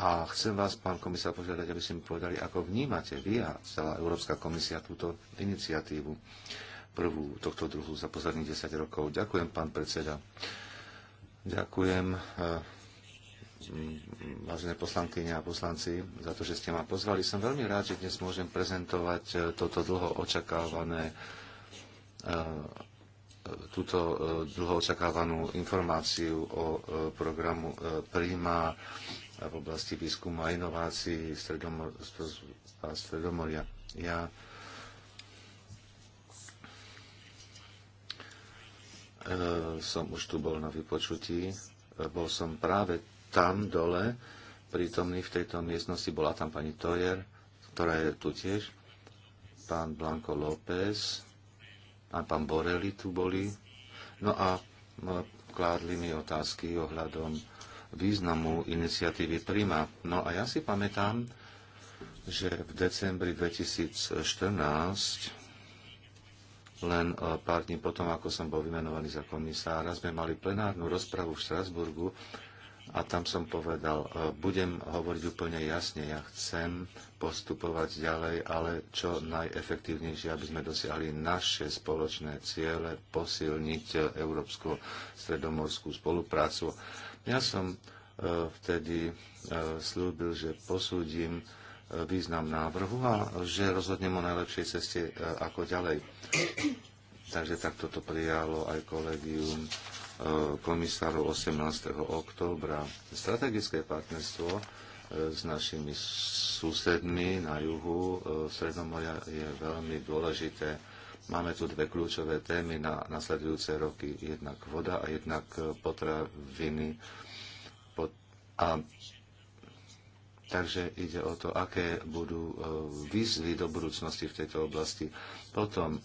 Speaker 2: a chcem vás, pán komisár, požiadať, aby ste mi povedali, ako vnímate vy a celá Európska komisia túto iniciatívu prvú tohto druhu za posledných 10 rokov. Ďakujem, pán predseda. Ďakujem eh, vážené poslankyne a poslanci, za to, že ste ma pozvali. Som veľmi rád, že dnes môžem prezentovať e, toto dlho očakávané e, e, túto dlho očakávanú informáciu o programu Prima v oblasti výskumu a inovácií a Stredomoria. Ja som už tu bol na vypočutí. Bol som práve tam dole prítomný v tejto miestnosti. Bola tam pani Tojer, ktorá je tu tiež, pán Blanco López a pán Borelli tu boli. No a kládli mi otázky ohľadom významu iniciatívy Prima. No a ja si pamätám, že v decembri 2014, len e, pár dní potom, ako som bol vymenovaný za komisára, sme mali plenárnu rozpravu v Strasburgu a tam som povedal, e, budem hovoriť úplne jasne, ja chcem postupovať ďalej, ale čo najefektívnejšie, aby sme dosiahli naše spoločné ciele, posilniť e, európsku stredomorskú spoluprácu. Ja som e, vtedy slúbil, že posúdim význam návrhu a že rozhodnem o najlepšej ceste ako ďalej. Takže takto to prijalo aj kolegium komisárov 18. októbra. Strategické partnerstvo e, s našimi susedmi na juhu e, Sredomoria je veľmi dôležité. Máme tu dve kľúčové témy na nasledujúce roky. Jednak voda a jednak e, potraviny. A Takže ide o to, aké budú výzvy do budúcnosti v tejto oblasti. Potom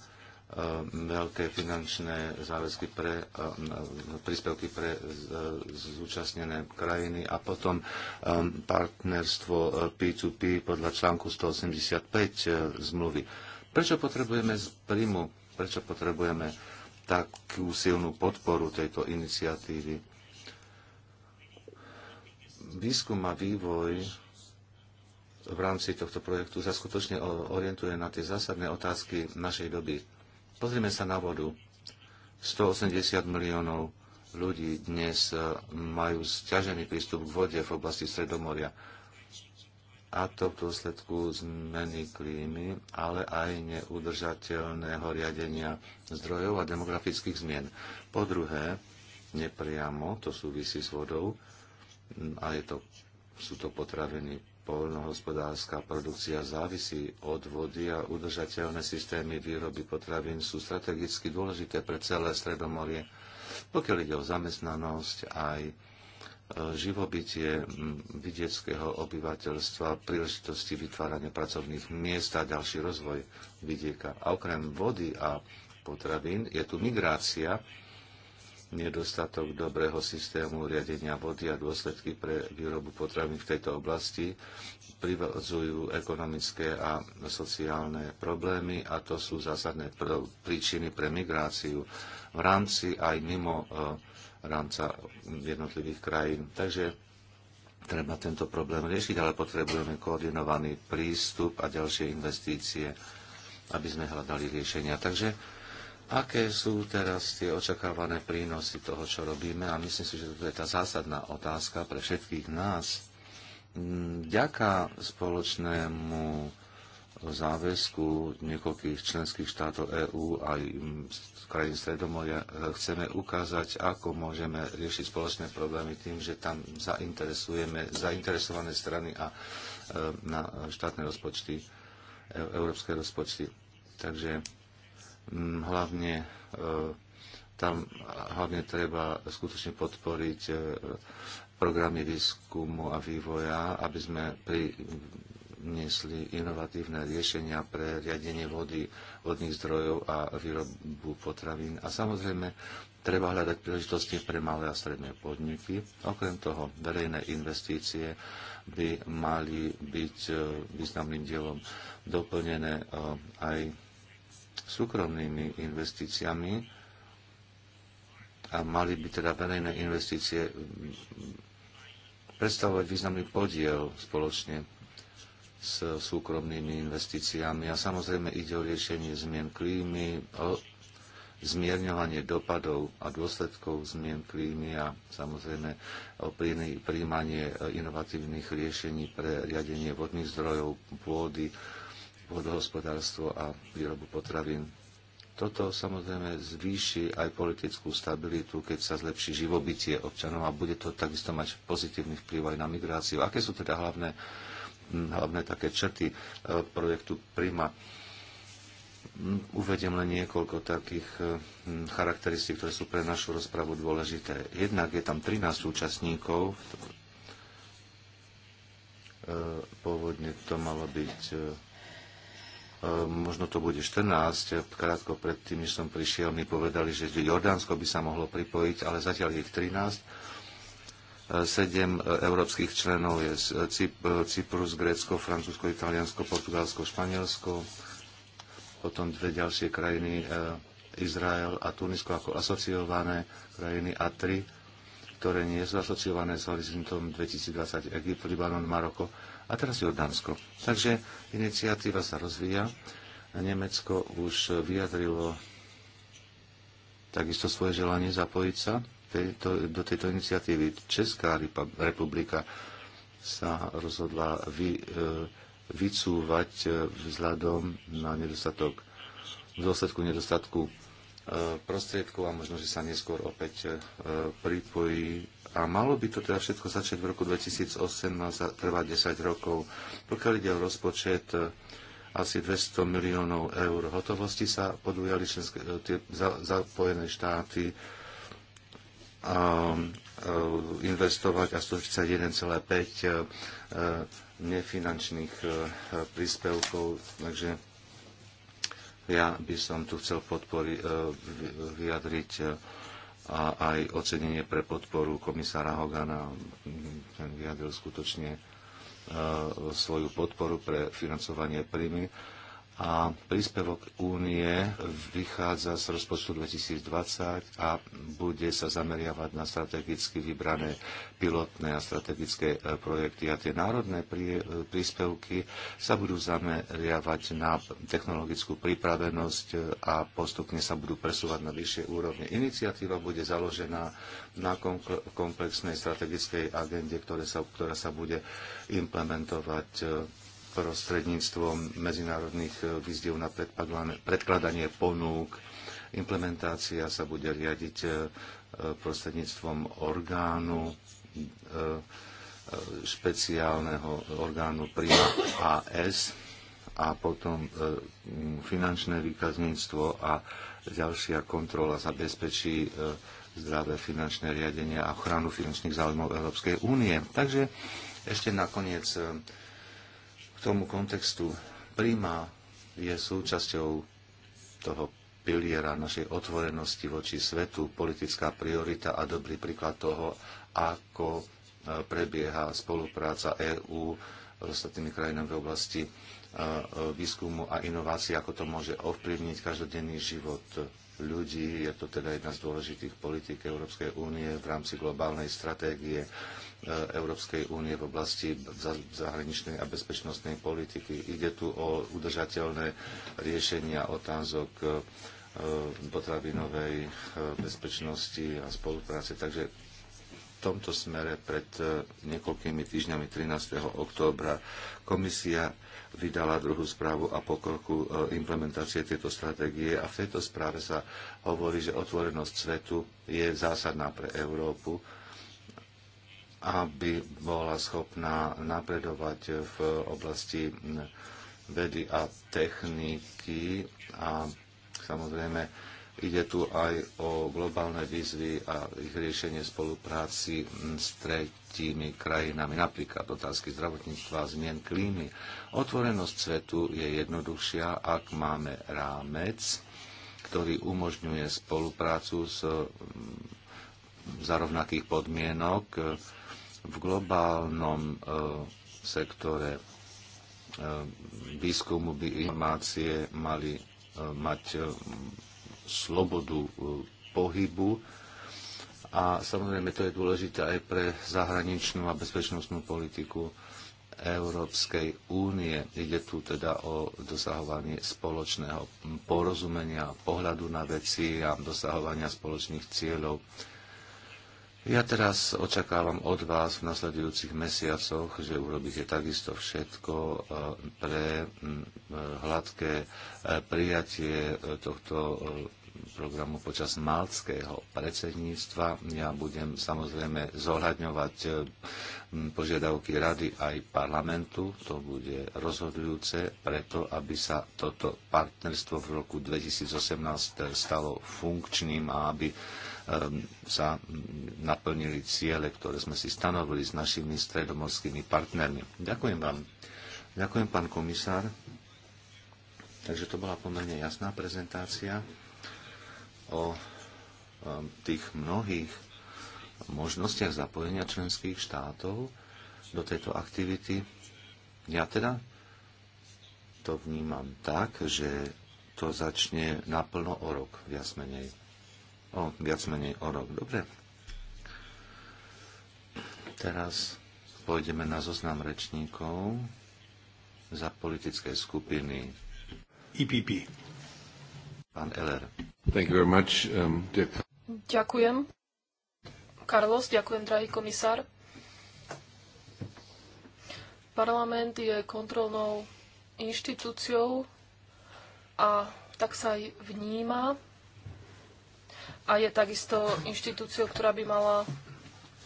Speaker 2: E, veľké finančné záväzky pre e, príspevky pre e, zúčastnené krajiny a potom partnerstvo P2P podľa článku 185 zmluvy. Prečo potrebujeme z príjmu, prečo potrebujeme takú silnú podporu tejto iniciatívy? Výskum a vývoj v rámci tohto projektu sa skutočne orientuje na tie zásadné otázky našej doby Pozrime sa na vodu. 180 miliónov ľudí dnes e, majú zťažený prístup k vode v oblasti Stredomoria. A to v dôsledku zmeny klímy, ale aj neudržateľného riadenia zdrojov a demografických zmien. Po druhé, nepriamo, to súvisí s vodou, a je to, sú to potraviny polnohospodárska produkcia závisí od vody a udržateľné systémy výroby potravín sú strategicky dôležité pre celé Stredomorie. Pokiaľ ide o zamestnanosť, aj e, živobytie vidieckého obyvateľstva, príležitosti vytvárania pracovných miest a ďalší rozvoj vidieka. A okrem vody a potravín je tu migrácia, nedostatok dobrého systému riadenia vody a dôsledky pre výrobu potravín v tejto oblasti privádzajú ekonomické a sociálne problémy a to sú zásadné príčiny pre migráciu v rámci aj mimo e, rámca jednotlivých krajín. Takže treba tento problém riešiť, ale potrebujeme koordinovaný prístup a ďalšie investície, aby sme hľadali riešenia. Takže aké sú teraz tie očakávané prínosy toho, čo robíme. A myslím si, že to je tá zásadná otázka pre všetkých nás. Mm, Ďaká spoločnému záväzku niekoľkých členských štátov EÚ a mm, krajín Stredomoria e, chceme ukázať, ako môžeme riešiť spoločné problémy tým, že tam zainteresujeme zainteresované strany a e, na štátne rozpočty, e, európske rozpočty. Takže Mm, hlavne e, tam hlavne treba skutočne podporiť e, programy výskumu a vývoja, aby sme priniesli inovatívne riešenia pre riadenie vody, vodných zdrojov a výrobu potravín. A samozrejme, treba hľadať príležitosti pre malé a stredné podniky. Okrem toho, verejné investície by mali byť e, významným dielom doplnené aj súkromnými investíciami a mali by teda verejné investície mm, predstavovať významný podiel spoločne s súkromnými investíciami. A samozrejme ide o riešenie zmien klímy, o zmierňovanie dopadov a dôsledkov zmien klímy a samozrejme o príjmanie inovatívnych riešení pre riadenie vodných zdrojov, pôdy, vodohospodárstvo a výrobu potravín. Toto samozrejme zvýši aj politickú stabilitu, keď sa zlepší živobytie občanov a bude to takisto mať pozitívny vplyv aj na migráciu. Aké sú teda hlavné, hlavné také črty e, projektu Prima? Uvediem len niekoľko takých e, charakteristík, ktoré sú pre našu rozpravu dôležité. Jednak je tam 13 účastníkov. E, pôvodne to malo byť Ehm, možno to bude 14, eh, krátko predtým, než som prišiel, mi povedali, že Jordánsko by sa mohlo pripojiť, ale zatiaľ je ich 13. Eh, sedem eh, európskych členov je Cyprus, Grécko, Francúzsko, Italiansko, Portugalsko, Španielsko, potom dve ďalšie krajiny, Izrael a Tunisko ako asociované krajiny a tri, ktoré nie sú asociované s horizontom 2020, Egypt, Libanon, Maroko a teraz Jordánsko. Takže iniciatíva sa rozvíja. Nemecko už vyjadrilo takisto svoje želanie zapojiť sa tejto, do tejto iniciatívy. Česká republika sa rozhodla vy, e, vycúvať e, vzhľadom na nedostatok, v dôsledku nedostatku e, prostriedkov a možno, že sa neskôr opäť pripojí a malo by to teda všetko začať v roku 2018 a trvať 10 rokov. Pokiaľ ide o rozpočet, e, asi 200 miliónov eur hotovosti sa podujali členské, e, tie zapojené štáty a, um, e, investovať a 141,5 nefinančných príspevkov. Takže ja by som tu chcel podpori, vyjadriť a aj ocenenie pre podporu komisára Hogana. Ten vyjadril skutočne e, svoju podporu pre financovanie príjmy a príspevok únie vychádza z rozpočtu 2020 a bude sa zameriavať na strategicky vybrané pilotné a strategické e, projekty. A tie národné e, príspevky sa budú zameriavať na technologickú pripravenosť e, a postupne sa budú presúvať na vyššie úrovne. Iniciatíva bude založená na komplexnej strategickej agende, ktorá sa, ktorá sa bude implementovať prostredníctvom medzinárodných eh, výzdiev na predkladanie ponúk. Implementácia sa bude riadiť eh, eh, prostredníctvom orgánu, špeciálneho orgánu Prima AS a potom finančné výkazníctvo a ďalšia kontrola zabezpečí zdravé finančné riadenie a ochranu finančných záujmov Európskej únie. Takže ešte nakoniec tomu kontextu príjma je súčasťou toho piliera našej otvorenosti voči svetu, politická priorita a dobrý príklad toho, ako e, prebieha spolupráca EÚ s ostatnými krajinami v oblasti e, e, výskumu a inovácií, ako to môže ovplyvniť každodenný život ľudí. Je to teda jedna z dôležitých politik Európskej únie v rámci globálnej stratégie E, Európskej únie v oblasti zahraničnej a bezpečnostnej politiky. Ide tu o udržateľné riešenia otázok e, e, potravinovej bezpečnosti a spolupráce. Takže v tomto smere pred niekoľkými týždňami 13. októbra komisia vydala druhú správu a pokroku implementácie tejto stratégie a v tejto správe sa hovorí, že otvorenosť svetu je zásadná pre Európu aby bola schopná napredovať v oblasti vedy a techniky a samozrejme ide tu aj o globálne výzvy a ich riešenie spolupráci s tretími krajinami, napríklad otázky zdravotníctva a zmien klímy. Otvorenosť svetu je jednoduchšia, ak máme rámec, ktorý umožňuje spoluprácu s mm, za rovnakých podmienok v globálnom eh, sektore eh, výskumu by informácie mali eh, mať slobodu pohybu. A samozrejme to je dôležité aj pre zahraničnú a bezpečnostnú politiku Európskej únie. Ide tu teda o dosahovanie spoločného porozumenia, pohľadu na veci a dosahovania spoločných cieľov. Ja teraz očakávam od vás v nasledujúcich mesiacoch, že urobíte takisto všetko eh, pre hm, eh, hladké eh, prijatie tohto programu počas malckého predsedníctva. Ja budem samozrejme zohľadňovať hm, požiadavky rady aj parlamentu. To bude rozhodujúce preto, aby sa toto partnerstvo v roku 2018 stalo funkčným a aby Ehm, sa naplnili ciele, ktoré sme si stanovili s našimi stredomorskými partnermi. Ďakujem vám. Ďakujem, pán komisár. Takže to bola pomerne jasná prezentácia o ehm, tých mnohých možnostiach zapojenia členských štátov do tejto aktivity. Ja teda to vnímam tak, že to začne naplno o rok, viac menej o viac menej o rok. Dobre. Teraz pôjdeme na zoznam rečníkov za politické skupiny IPP. E Pán Eller. Thank you very much, um, dear...
Speaker 3: Ďakujem. Carlos, ďakujem, drahý komisár. Parlament je kontrolnou inštitúciou a tak sa aj vníma a je takisto inštitúciou, ktorá by mala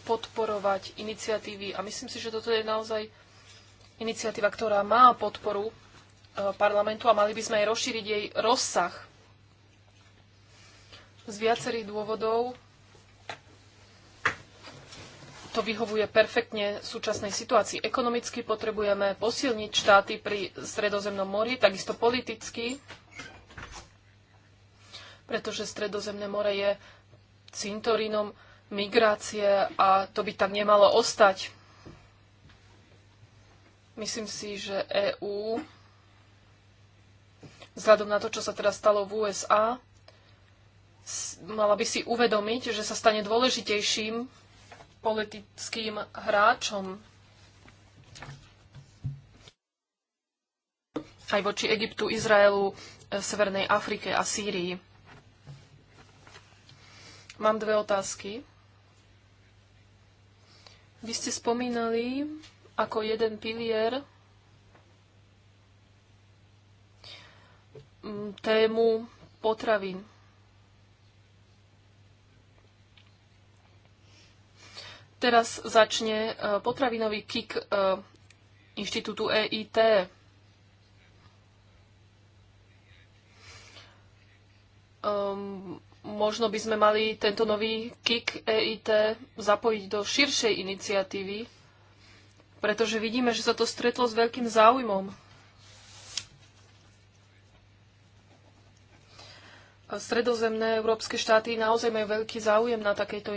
Speaker 3: podporovať iniciatívy. A myslím si, že toto je naozaj iniciatíva, ktorá má podporu e, parlamentu a mali by sme aj rozšíriť jej rozsah. Z viacerých dôvodov to vyhovuje perfektne súčasnej situácii. Ekonomicky potrebujeme posilniť štáty pri Stredozemnom mori, takisto politicky pretože Stredozemné more je cintorínom migrácie a to by tak nemalo ostať. Myslím si, že EÚ, vzhľadom na to, čo sa teraz stalo v USA, mala by si uvedomiť, že sa stane dôležitejším politickým hráčom aj voči Egyptu, Izraelu, e, Severnej Afrike a Sýrii. Mám dve otázky. Vy ste spomínali ako jeden pilier mm, tému potravín. Teraz začne e, potravinový kik e, inštitútu EIT. Um, ehm, možno by sme mali tento nový KIK EIT zapojiť do širšej iniciatívy, pretože vidíme, že sa to stretlo s veľkým záujmom. Stredozemné európske štáty naozaj majú veľký záujem na takejto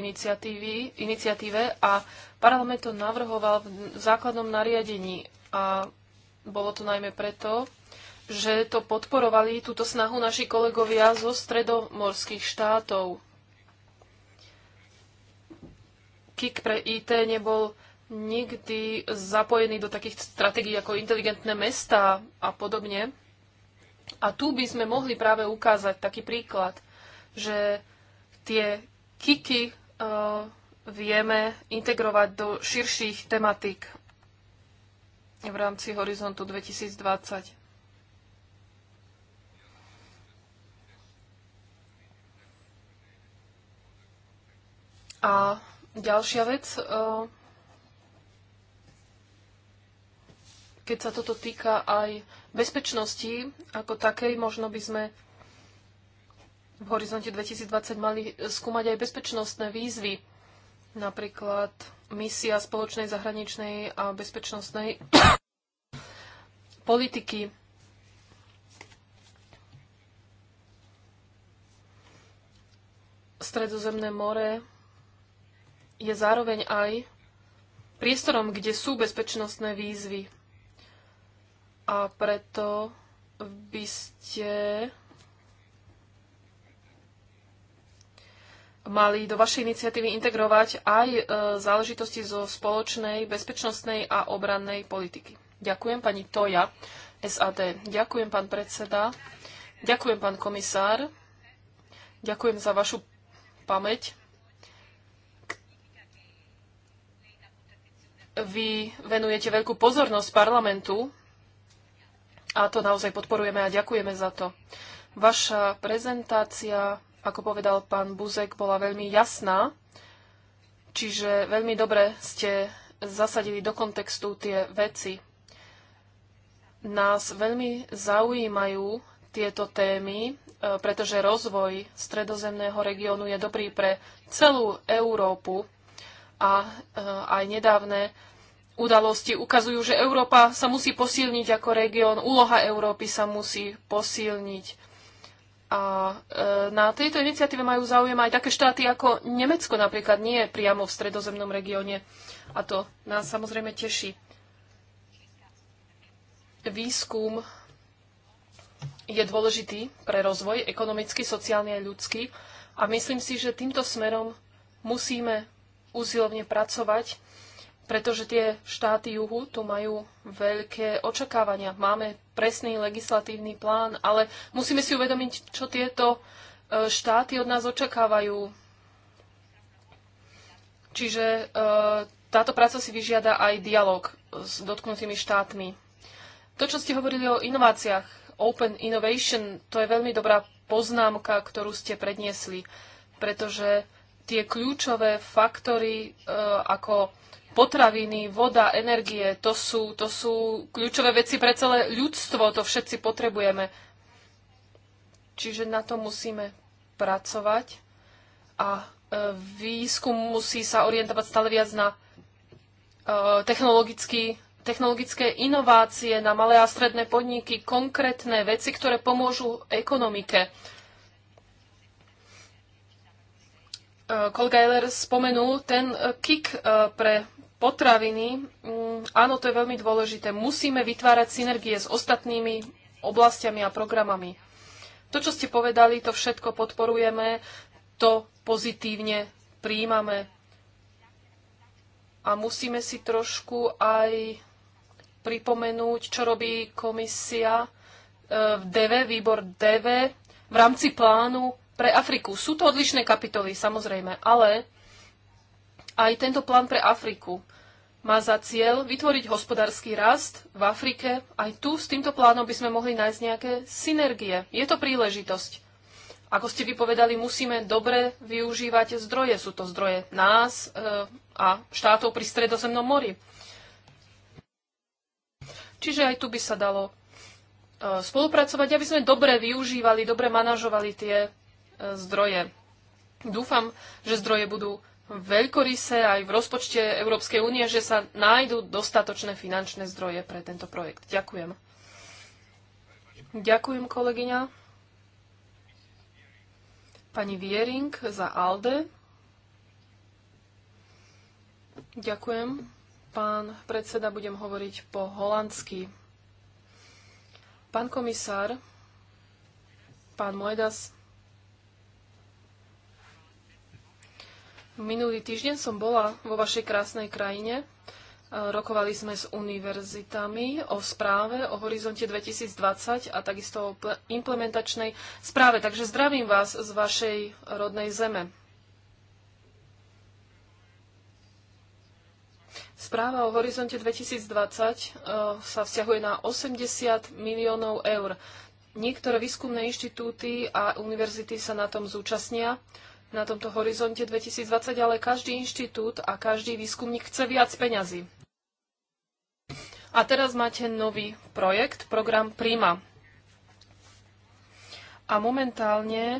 Speaker 3: iniciatíve a parlament to navrhoval v základnom nariadení a bolo to najmä preto, že to podporovali túto snahu naši kolegovia zo stredomorských štátov. KIK pre IT nebol nikdy zapojený do takých stratégií ako inteligentné mesta a podobne. A tu by sme mohli práve ukázať taký príklad, že tie kiky uh, vieme integrovať do širších tematík v rámci horizontu 2020. A ďalšia vec, eh, keď sa toto týka aj bezpečnosti ako takej, možno by sme v horizonte 2020 mali skúmať aj bezpečnostné výzvy, napríklad misia spoločnej zahraničnej a bezpečnostnej politiky. Stredozemné more je zároveň aj priestorom, kde sú bezpečnostné výzvy. A preto by ste mali do vašej iniciatívy integrovať aj e, záležitosti zo spoločnej bezpečnostnej a obrannej politiky. Ďakujem pani Toja, SAD. Ďakujem pán predseda. Ďakujem pán komisár. Ďakujem za vašu pamäť vy venujete veľkú pozornosť parlamentu a to naozaj podporujeme a ďakujeme za to. Vaša prezentácia, ako povedal pán Buzek, bola veľmi jasná, čiže veľmi dobre ste zasadili do kontextu tie veci. Nás veľmi zaujímajú tieto témy, e, pretože rozvoj stredozemného regiónu je dobrý pre celú Európu a e, aj nedávne udalosti ukazujú, že Európa sa musí posilniť ako región, úloha Európy sa musí posilniť. A e, na tejto iniciatíve majú záujem aj také štáty ako Nemecko napríklad, nie priamo v stredozemnom regióne. A to nás samozrejme teší. Výskum je dôležitý pre rozvoj ekonomický, sociálny a ľudský. A myslím si, že týmto smerom musíme úsilovne pracovať, pretože tie štáty juhu tu majú veľké očakávania. Máme presný legislatívny plán, ale musíme si uvedomiť, čo tieto e, štáty od nás očakávajú. Čiže e, táto práca si vyžiada aj dialog s dotknutými štátmi. To, čo ste hovorili o inováciách, Open Innovation, to je veľmi dobrá poznámka, ktorú ste predniesli, pretože tie kľúčové faktory e, ako potraviny, voda, energie, to sú, to sú kľúčové veci pre celé ľudstvo, to všetci potrebujeme. Čiže na to musíme pracovať a e, výskum musí sa orientovať stále viac na e, technologický technologické inovácie na malé a stredné podniky, konkrétne veci, ktoré pomôžu ekonomike. Kolgeiler eh, spomenul, ten eh, kick eh, pre potraviny, mm, áno, to je veľmi dôležité. Musíme vytvárať synergie s ostatnými oblastiami a programami. To, čo ste povedali, to všetko podporujeme, to pozitívne príjmame. A musíme si trošku aj pripomenúť, čo robí komisia v DV, výbor DV v rámci plánu pre Afriku. Sú to odlišné kapitoly, samozrejme, ale aj tento plán pre Afriku má za cieľ vytvoriť hospodársky rast v Afrike. Aj tu s týmto plánom by sme mohli nájsť nejaké synergie. Je to príležitosť. Ako ste vypovedali, musíme dobre využívať zdroje. Sú to zdroje nás e, a štátov pri Stredozemnom mori. Čiže aj tu by sa dalo e, spolupracovať, aby sme dobre využívali, dobre manažovali tie zdroje. Dúfam, že zdroje budú veľkorysé aj v rozpočte Európskej únie, že sa nájdú dostatočné finančné zdroje pre tento projekt. Ďakujem. Ďakujem, kolegyňa. Pani Viering za ALDE. Ďakujem. Pán predseda, budem hovoriť po holandsky. Pán komisár, pán Moedas, Minulý týždeň som bola vo vašej krásnej krajine. Rokovali sme s univerzitami o správe o horizonte 2020 a takisto o implementačnej správe. Takže zdravím vás z vašej rodnej zeme. Správa o horizonte 2020 e, sa vzťahuje na 80 miliónov eur. Niektoré výskumné inštitúty a univerzity sa na tom zúčastnia na tomto horizonte 2020, ale každý inštitút a každý výskumník chce viac peňazí. A teraz máte nový projekt, program Prima. A momentálne e,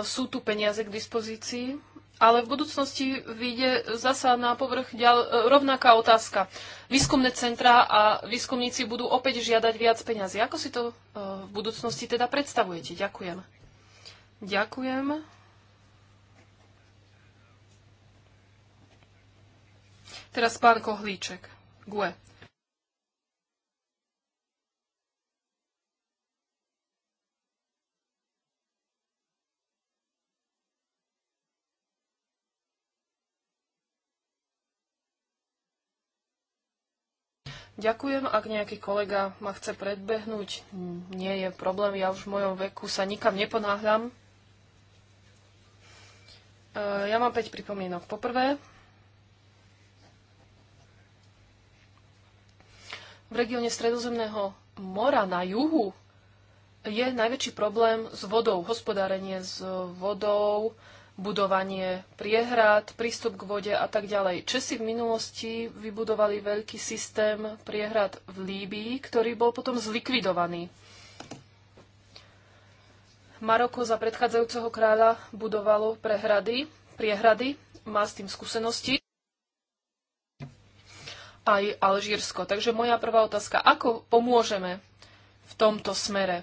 Speaker 3: sú tu peniaze k dispozícii, ale v budúcnosti vyjde zasa na povrch ďal, e, rovnaká otázka. Výskumné centrá a výskumníci budú opäť žiadať viac peniazy. Ako si to e, v budúcnosti teda predstavujete? Ďakujem. Ďakujem. Teraz pán Kohlíček. Gue. Ďakujem, ak nejaký kolega ma chce predbehnúť, nie je problém, ja už v mojom veku sa nikam neponáhľam. E, ja mám 5 pripomienok. Poprvé, v regióne Stredozemného mora na juhu je najväčší problém s vodou, hospodárenie s vodou, budovanie priehrad, prístup k vode a tak ďalej. Česi v minulosti vybudovali veľký systém priehrad v Líbii, ktorý bol potom zlikvidovaný. Maroko za predchádzajúceho kráľa budovalo prehrady, priehrady, má s tým skúsenosti aj Alžírsko. Takže moja prvá otázka, ako pomôžeme v tomto smere?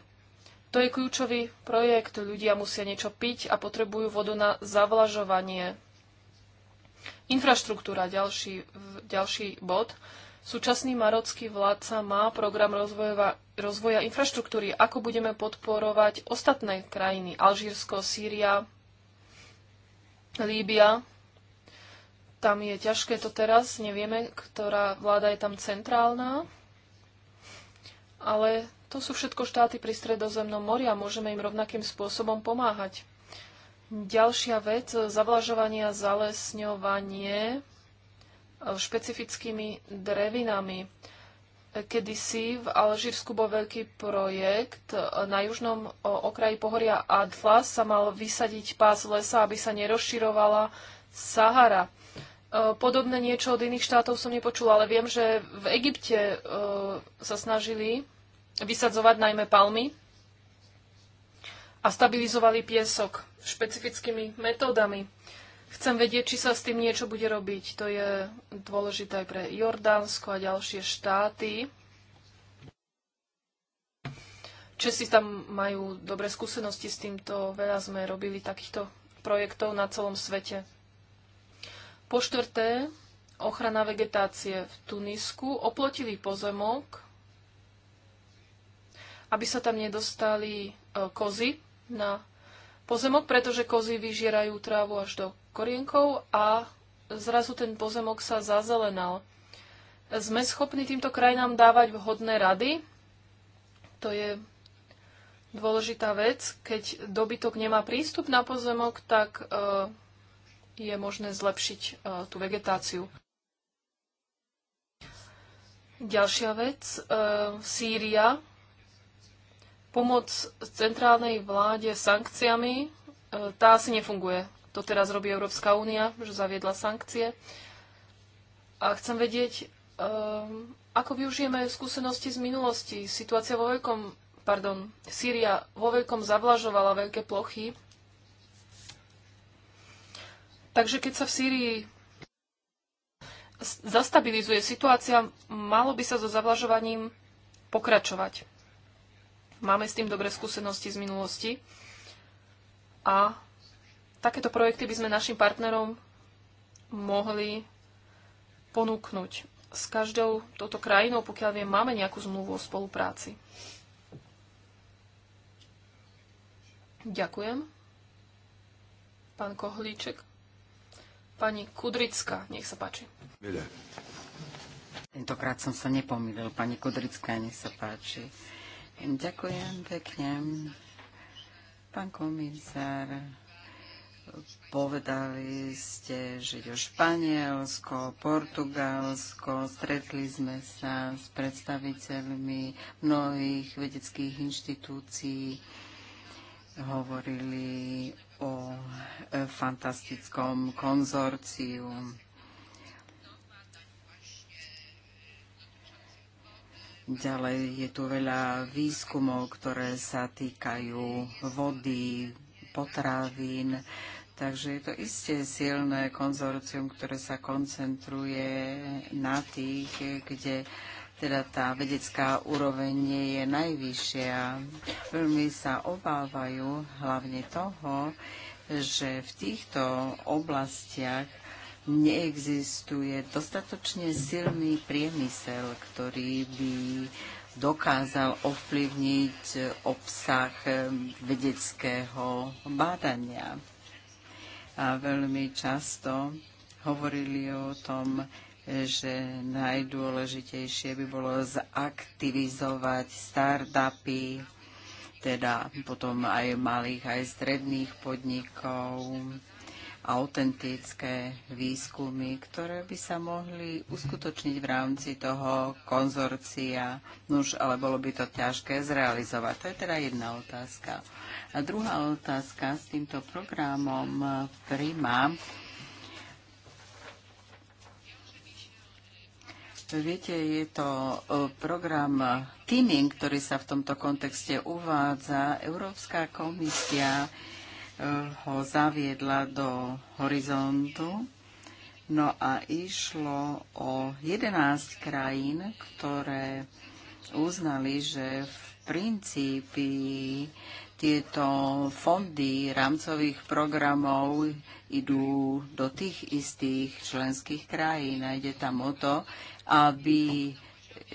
Speaker 3: To je kľúčový projekt, ľudia musia niečo piť a potrebujú vodu na zavlažovanie. Infraštruktúra, ďalší, ďalší bod. Súčasný marocký vládca má program rozvojova, rozvoja infraštruktúry. Ako budeme podporovať ostatné krajiny? Alžírsko, Sýria, Líbia, tam je ťažké to teraz, nevieme, ktorá vláda je tam centrálna, ale to sú všetko štáty pri Stredozemnom mori a môžeme im rovnakým spôsobom pomáhať. Ďalšia vec, zavlažovanie a zalesňovanie e, špecifickými drevinami. Kedysi v Alžírsku bol veľký projekt. E, na južnom okraji pohoria Atlas sa mal vysadiť pás lesa, aby sa nerozširovala Sahara. E, podobné niečo od iných štátov som nepočula, ale viem, že v Egypte e, sa snažili vysadzovať najmä palmy a stabilizovali piesok špecifickými metódami. Chcem vedieť, či sa s tým niečo bude robiť. To je dôležité aj pre Jordánsko a ďalšie štáty. Česi tam majú dobré skúsenosti s týmto. Veľa sme robili takýchto projektov na celom svete. Po štvrté, ochrana vegetácie v Tunisku, oplotivý pozemok, aby sa tam nedostali e, kozy na pozemok, pretože kozy vyžierajú trávu až do korienkov a zrazu ten pozemok sa zazelenal. Sme schopní týmto krajinám dávať vhodné rady? To je dôležitá vec. Keď dobytok nemá prístup na pozemok, tak e, je možné zlepšiť e, tú vegetáciu. Ďalšia vec, e, Sýria. Pomoc centrálnej vláde sankciami, e, tá asi nefunguje. To teraz robí Európska únia, že zaviedla sankcie. A chcem vedieť, ako využijeme skúsenosti z minulosti. Situácia vo veľkom, pardon, Sýria vo veľkom zavlažovala veľké plochy Takže keď sa v Sýrii zastabilizuje situácia, malo by sa so zavlažovaním pokračovať. Máme s tým dobré skúsenosti z minulosti a takéto projekty by sme našim partnerom mohli ponúknuť. S každou touto krajinou, pokiaľ viem, máme nejakú zmluvu o spolupráci. Ďakujem. Pán Kohlíček. Pani Kudrická, nech sa páči.
Speaker 1: Vede. Tentokrát som sa nepomýlil, pani Kudrická, nech sa páči. Ďakujem pekne. Pán komisár, povedali ste, že o Španielsko, Portugalsko, stretli sme sa s predstaviteľmi mnohých vedeckých inštitúcií, hovorili o e, fantastickom konzorciu. Ďalej je tu veľa výskumov, ktoré sa týkajú vody, potravín. Takže je to isté silné konzorcium, ktoré sa koncentruje na tých, kde teda tá vedecká úroveň nie je najvyššia. Veľmi sa obávajú hlavne toho, že v týchto oblastiach neexistuje dostatočne silný priemysel, ktorý by dokázal ovplyvniť obsah vedeckého bádania. A veľmi často hovorili o tom že najdôležitejšie by bolo zaktivizovať startupy, teda potom aj malých, aj stredných podnikov, autentické výskumy, ktoré by sa mohli uskutočniť v rámci toho konzorcia. Nuž, ale bolo by to ťažké zrealizovať. To je teda jedna otázka. A druhá otázka s týmto programom PRIMA Viete, je to e, program Teaming, ktorý sa v tomto kontexte uvádza. Európska komisia e, ho zaviedla do horizontu. No a išlo o 11 krajín, ktoré uznali, že v princípi tieto fondy rámcových programov idú do tých istých členských krajín. A ide tam o to, aby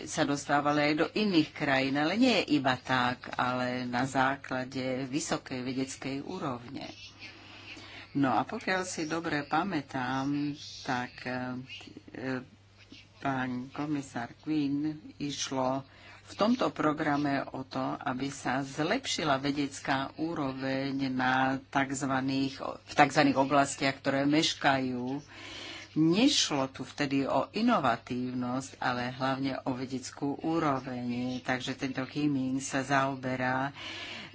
Speaker 1: sa dostávali aj do iných krajín, ale nie je iba tak, ale na základe vysokej vedeckej úrovne. No a pokiaľ si dobre pamätám, tak e, pán komisár Quinn išlo v tomto programe o to, aby sa zlepšila vedecká úroveň na tzv. v tzv. oblastiach, ktoré meškajú. Nešlo tu vtedy o inovatívnosť, ale hlavne o vedeckú úroveň. Takže tento Kiming sa zaoberá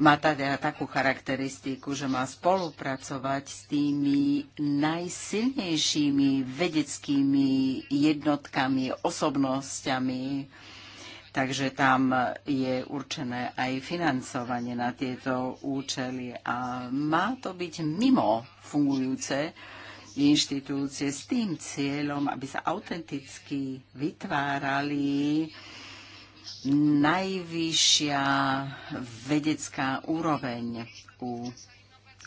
Speaker 1: má teda takú charakteristiku, že má spolupracovať s tými najsilnejšími vedeckými jednotkami, osobnosťami, takže tam je určené aj financovanie na tieto účely a má to byť mimo fungujúce inštitúcie s tým cieľom, aby sa autenticky vytvárali najvyššia vedecká úroveň u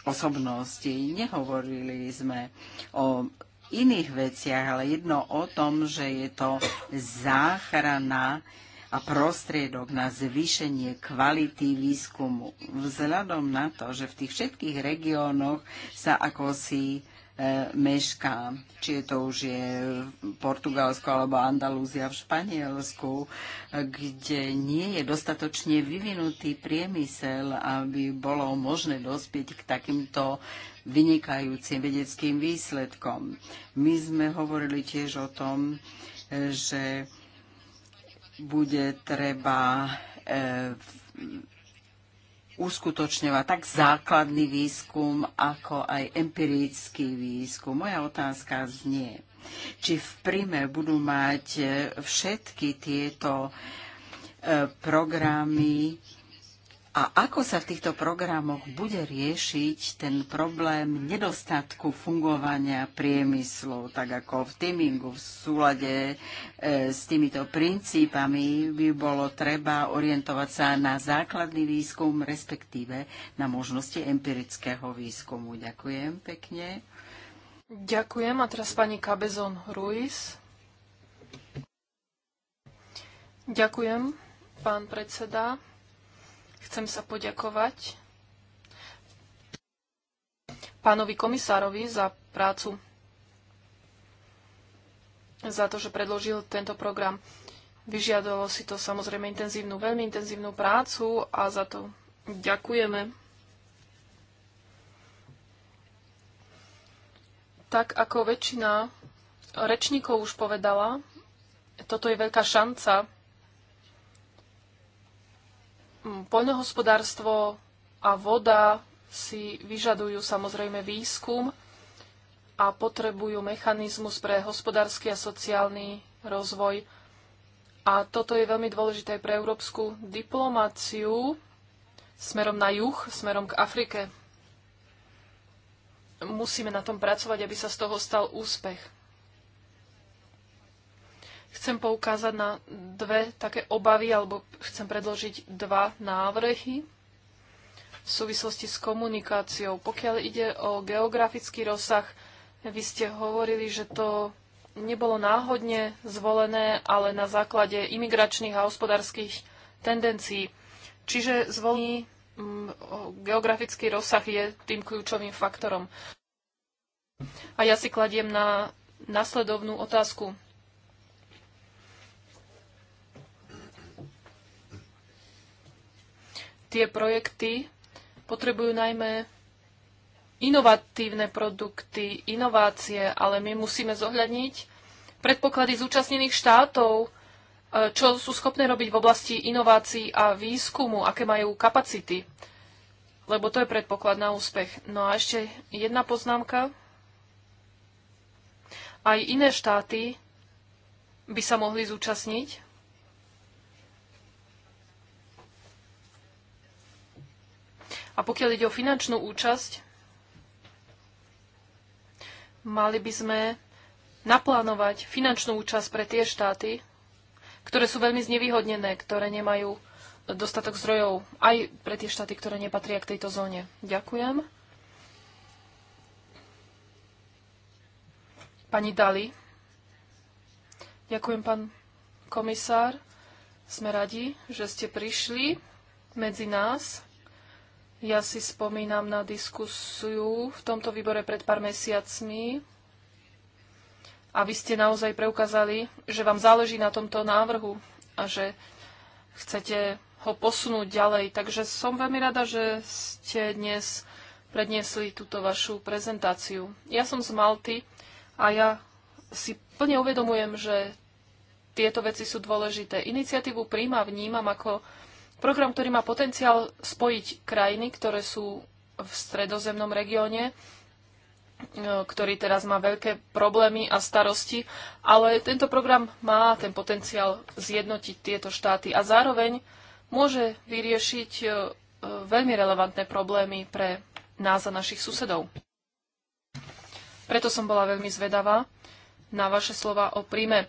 Speaker 1: osobnosti. Nehovorili sme o iných veciach, ale jedno o tom, že je to záchrana a prostriedok na zvýšenie kvality výskumu. Vzhľadom na to, že v tých všetkých regiónoch sa ako si e, mešká, či je to už je Portugalsko alebo Andalúzia v Španielsku, e, kde nie je dostatočne vyvinutý priemysel, aby bolo možné dospieť k takýmto vynikajúcim vedeckým výsledkom. My sme hovorili tiež o tom, e, že bude treba e, uskutočňovať tak základný výskum, ako aj empirický výskum. Moja otázka znie, či v príme budú mať e, všetky tieto e, programy a ako sa v týchto programoch bude riešiť ten problém nedostatku fungovania priemyslu, tak ako v timingu, v súlade e, s týmito princípami by bolo treba orientovať sa na základný výskum, respektíve na možnosti empirického výskumu. Ďakujem pekne. Ďakujem. A teraz pani Kabezon Ruiz.
Speaker 3: Ďakujem, pán predseda. Chcem sa poďakovať pánovi komisárovi za prácu, za to, že predložil tento program. Vyžiadalo si to samozrejme intenzívnu, veľmi intenzívnu prácu a za to ďakujeme. Tak ako väčšina rečníkov už povedala, toto je veľká šanca Mm, poľnohospodárstvo a voda si vyžadujú samozrejme výskum a potrebujú mechanizmus pre hospodársky a sociálny rozvoj. A toto je veľmi dôležité pre európsku diplomáciu smerom na juh, smerom k Afrike. Musíme na tom pracovať, aby sa z toho stal úspech. Chcem poukázať na dve také obavy, alebo chcem predložiť dva návrhy v súvislosti s komunikáciou. Pokiaľ ide o geografický rozsah, vy ste hovorili, že to nebolo náhodne zvolené, ale na základe imigračných a hospodárskych tendencií. Čiže zvolený mm, geografický rozsah je tým kľúčovým faktorom. A ja si kladiem na nasledovnú otázku. tie projekty potrebujú najmä inovatívne produkty, inovácie, ale my musíme zohľadniť predpoklady zúčastnených štátov, e, čo sú schopné robiť v oblasti inovácií a výskumu, aké majú kapacity, lebo to je predpoklad na úspech. No a ešte jedna poznámka. Aj iné štáty by sa mohli zúčastniť A pokiaľ ide o finančnú účasť, mali by sme naplánovať finančnú účasť pre tie štáty, ktoré sú veľmi znevýhodnené, ktoré nemajú dostatok zdrojov aj pre tie štáty, ktoré nepatria k tejto zóne. Ďakujem. Pani Dali. Ďakujem, pán komisár. Sme radi, že ste prišli medzi nás. Ja si spomínam na diskusiu v tomto výbore pred pár mesiacmi a vy ste naozaj preukázali, že vám záleží na tomto návrhu a že chcete ho posunúť ďalej. Takže som veľmi rada, že ste dnes predniesli túto vašu prezentáciu. Ja som z Malty a ja si plne uvedomujem, že tieto veci sú dôležité. Iniciatívu príjma vnímam ako Program, ktorý má potenciál spojiť krajiny, ktoré sú v stredozemnom regióne, e, ktorý teraz má veľké problémy a starosti, ale tento program má ten potenciál zjednotiť tieto štáty a zároveň môže vyriešiť e, e, veľmi relevantné problémy pre nás a našich susedov. Preto som bola veľmi zvedavá na vaše slova o príjme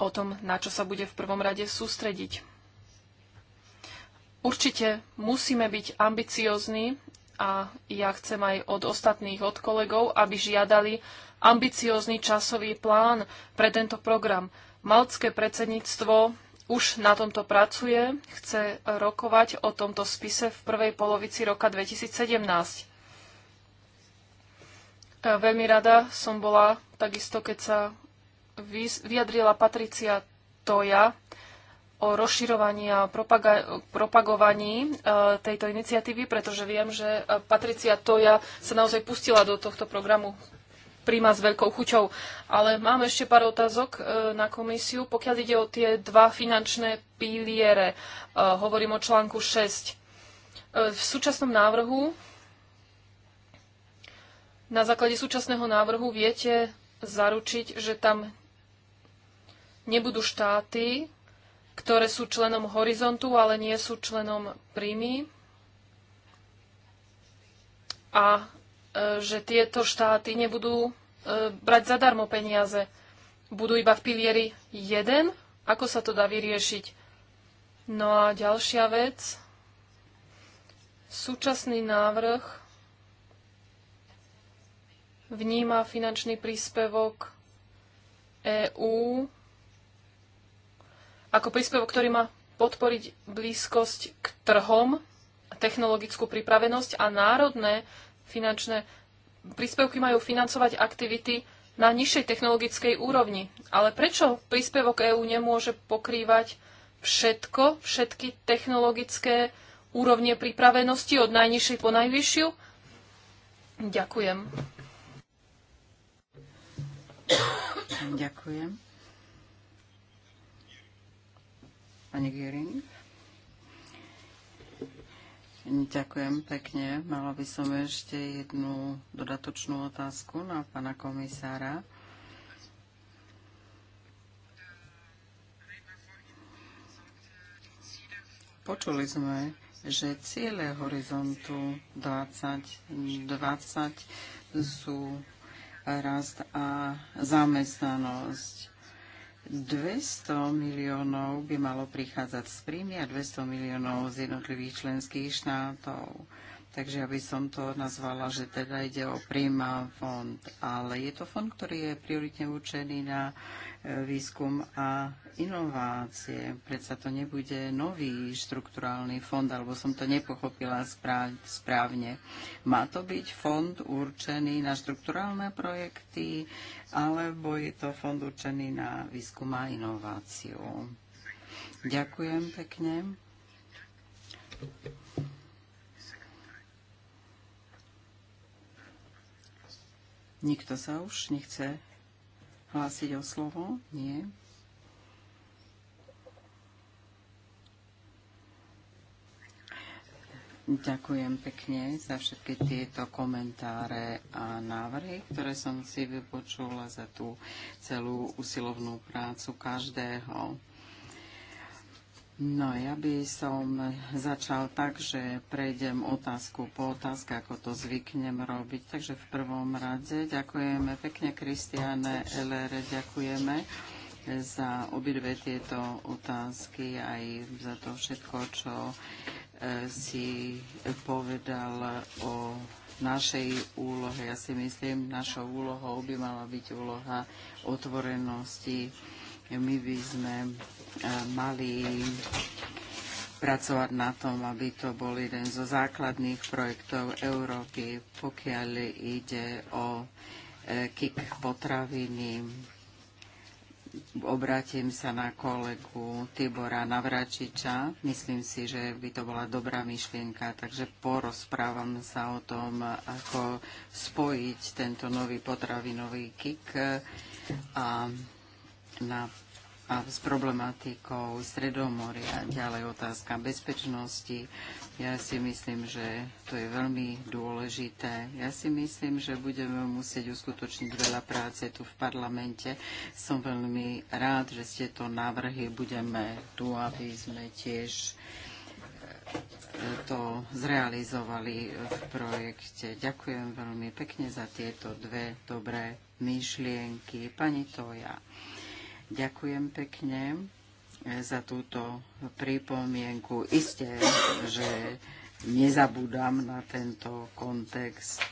Speaker 3: o tom, na čo sa bude v prvom rade sústrediť. Určite musíme byť ambiciozní a ja chcem aj od ostatných, od kolegov, aby žiadali ambiciózny časový plán pre tento program. Malcké predsedníctvo už na tomto pracuje, chce rokovať o tomto spise v prvej polovici roka 2017. Veľmi rada som bola takisto, keď sa vyjadrila Patricia Toja o rozširovaní a propagovaní e, tejto iniciatívy, pretože viem, že e, Patricia Toja sa naozaj pustila do tohto programu príma s veľkou chuťou. Ale mám ešte pár otázok e, na komisiu. Pokiaľ ide o tie dva finančné piliere, hovorím o článku 6. V súčasnom návrhu, na základe súčasného návrhu viete zaručiť, že tam nebudú štáty, ktoré sú členom horizontu, ale nie sú členom prímy a e, že tieto štáty nebudú e, brať zadarmo peniaze. Budú iba v pilieri jeden, Ako sa to dá vyriešiť? No a ďalšia vec. Súčasný návrh vníma finančný príspevok EÚ ako príspevok, ktorý má podporiť blízkosť k trhom, technologickú pripravenosť a národné finančné príspevky majú financovať aktivity na nižšej technologickej úrovni. Ale prečo príspevok EÚ nemôže pokrývať všetko, všetky technologické úrovne pripravenosti od najnižšej po najvyššiu? Ďakujem.
Speaker 1: Ďakujem. Pani Ďakujem pekne. Mala by som ešte jednu dodatočnú otázku na pána komisára. Počuli sme, že ciele horizontu 2020 sú rast a zamestnanosť. 200 miliónov by malo prichádzať z príjmy a 200 miliónov z jednotlivých členských štátov. Takže ja by som to nazvala, že teda ide o príjma fond, ale je to fond, ktorý je prioritne určený na e, výskum a inovácie. Predsa to nebude nový štrukturálny fond, alebo som to nepochopila správne. Má to byť fond určený na štrukturálne projekty, alebo je to fond určený na výskum a inováciu? Ďakujem pekne. Nikto sa už nechce hlásiť o slovo? Nie. Ďakujem pekne za všetky tieto komentáre a návrhy, ktoré som si vypočula za tú celú usilovnú prácu každého. No, ja by som začal tak, že prejdem otázku po otázke, ako to zvyknem robiť. Takže v prvom rade ďakujeme pekne Kristiane Elere, ďakujeme za obidve tieto otázky, aj za to všetko, čo e, si povedal o našej úlohe. Ja si myslím, našou úlohou by mala byť úloha otvorenosti E, my by sme e, mali pracovať na tom, aby to bol jeden zo základných projektov Európy, pokiaľ ide o e, kik potraviny. Obrátim sa na kolegu Tibora Navračiča. Myslím si, že by to bola dobrá myšlienka, takže porozprávam sa o tom, ako spojiť tento nový potravinový kik a na, a s problematikou Stredomoria. Ďalej otázka bezpečnosti. Ja si myslím, že to je veľmi dôležité. Ja si myslím, že budeme musieť uskutočniť veľa práce tu v parlamente. Som veľmi rád, že ste to návrhy budeme tu, aby sme tiež e, to zrealizovali v projekte. Ďakujem veľmi pekne za tieto dve dobré myšlienky. Pani Toja. Ďakujem pekne e, za túto pripomienku. Isté, že nezabúdam na tento kontext.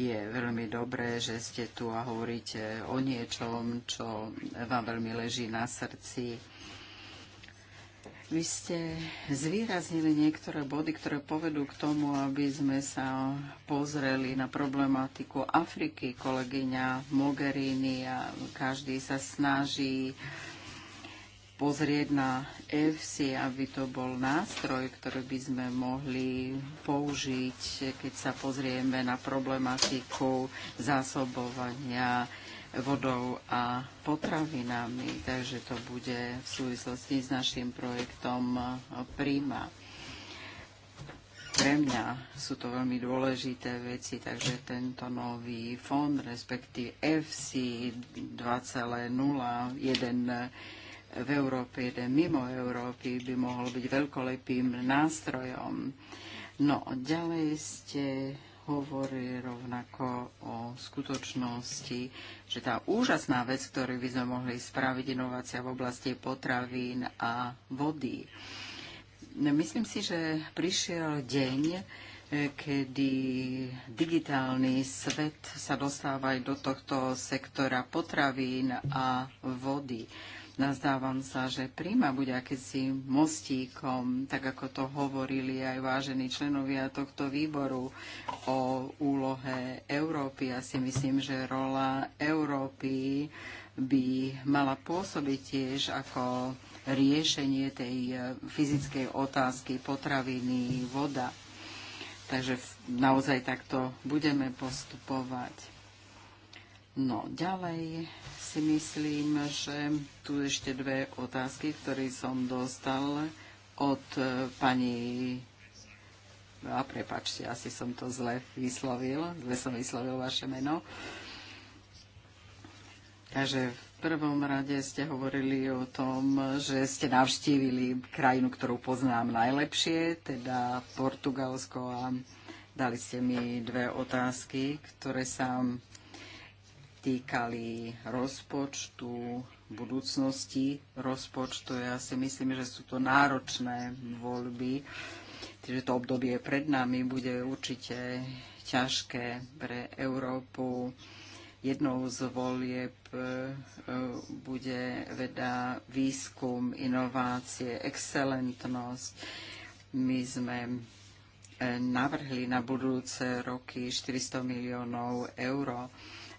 Speaker 1: Je veľmi dobré, že ste tu a hovoríte o niečom, čo vám veľmi leží na srdci vy ste zvýraznili niektoré body, ktoré povedú k tomu, aby sme sa pozreli na problematiku Afriky. Kolegyňa Mogherini a každý sa snaží pozrieť na EFSI, aby to bol nástroj, ktorý by sme mohli použiť, keď sa pozrieme na problematiku zásobovania vodou a potravinami, takže to bude v súvislosti s našim projektom e, Prima. Pre mňa sú to veľmi dôležité veci, takže tento nový fond, respektíve FC 2.0, jeden e, v Európe, jeden mimo Európy, by mohol byť veľkolepým nástrojom. No, ďalej ste hovorí rovnako o skutočnosti, že tá úžasná vec, ktorú by sme mohli spraviť, inovácia v oblasti potravín a vody. Myslím si, že prišiel deň, eh, kedy digitálny svet sa dostáva aj do tohto sektora potravín a vody. Nazdávam sa, že príjma bude akýsi mostíkom, tak ako to hovorili aj vážení členovia tohto výboru o úlohe Európy. Ja si myslím, že rola Európy by mala pôsobiť tiež ako riešenie tej eh, fyzickej otázky potraviny, voda. Takže naozaj takto budeme postupovať. No ďalej si myslím, že tu ešte dve otázky, ktoré som dostal od e, pani... No a prepačte, asi som to zle vyslovil, zle som vyslovil vaše meno. Takže v prvom rade ste hovorili o tom, že ste navštívili krajinu, ktorú poznám najlepšie, teda Portugalsko a dali ste mi dve otázky, ktoré sa týkali rozpočtu, budúcnosti rozpočtu. Ja si myslím, že sú to náročné voľby, Takže to obdobie pred nami bude určite ťažké pre Európu. Jednou z volieb e, bude veda, výskum, inovácie, excelentnosť. My sme e, navrhli na budúce roky 400 miliónov eur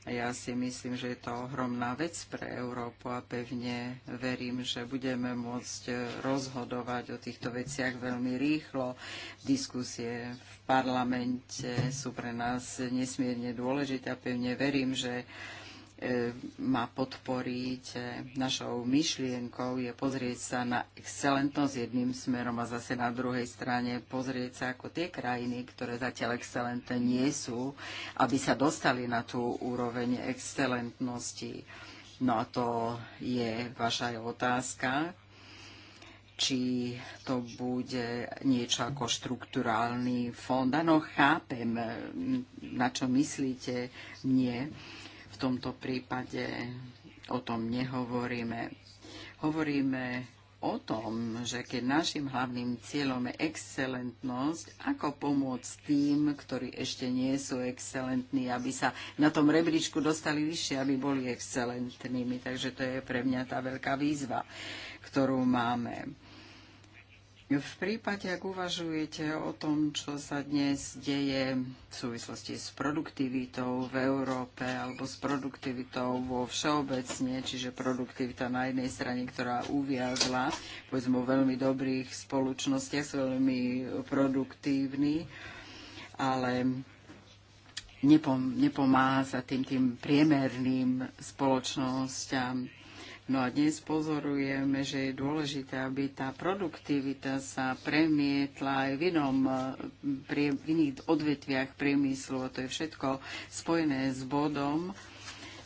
Speaker 1: ja si myslím, že je to ohromná vec pre Európu a pevne verím, že budeme môcť rozhodovať o týchto veciach veľmi rýchlo. Diskusie v parlamente sú pre nás nesmierne dôležité a pevne verím, že má podporiť e, našou myšlienkou, je pozrieť sa na excelentnosť jedným smerom a zase na druhej strane pozrieť sa ako tie krajiny, ktoré zatiaľ excelentné nie sú, aby sa dostali na tú úroveň excelentnosti. No a to je vaša otázka, či to bude niečo ako štruktúrálny fond. Áno, chápem, na čo myslíte. Nie tomto prípade o tom nehovoríme. Hovoríme o tom, že keď našim hlavným cieľom je excelentnosť, ako pomôcť tým, ktorí ešte nie sú excelentní, aby sa na tom rebríčku dostali vyššie, aby boli excelentnými. Takže to je pre mňa tá veľká výzva, ktorú máme. V prípade, ak uvažujete o tom, čo sa dnes deje v súvislosti s produktivitou v Európe alebo s produktivitou vo všeobecne, čiže produktivita na jednej strane, ktorá uviazla, povedzme, vo veľmi dobrých spoločnostiach, sú veľmi produktívni, ale nepom- nepomáha sa tým, tým priemerným spoločnosťam No a dnes pozorujeme, že je dôležité, aby tá produktivita sa premietla aj v, inom, eh, v iných odvetviach priemyslu. A to je všetko spojené s bodom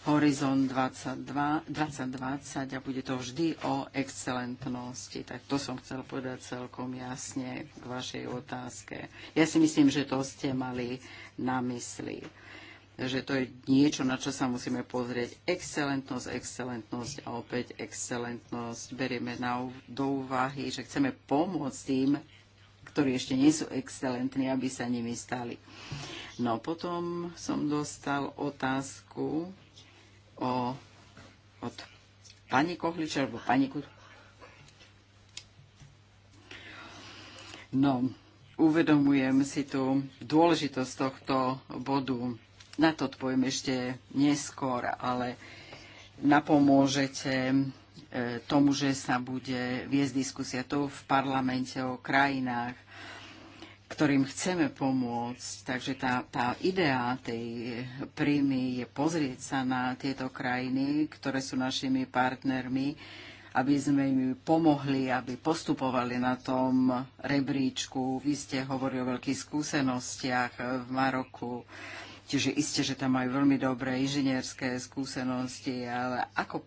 Speaker 1: Horizon 2020 a bude to vždy o excelentnosti. Tak to som chcel povedať celkom jasne k vašej otázke. Ja si myslím, že to ste mali na mysli že to je niečo, na čo sa musíme pozrieť. Excelentnosť, excelentnosť a opäť excelentnosť. Berieme na, do úvahy, že chceme pomôcť tým, ktorí ešte nie sú excelentní, aby sa nimi stali. No potom som dostal otázku o, od pani Kohliča, alebo pani No, uvedomujem si tu dôležitosť tohto bodu na to odpoviem ešte neskôr, ale napomôžete e, tomu, že sa bude viesť diskusia tu v parlamente o krajinách, ktorým chceme pomôcť. Takže tá, tá idea tej príjmy je pozrieť sa na tieto krajiny, ktoré sú našimi partnermi, aby sme im pomohli, aby postupovali na tom rebríčku. Vy ste hovorili o veľkých skúsenostiach v Maroku. Čiže isté, že tam majú veľmi dobré inžinierské skúsenosti, ale ako e,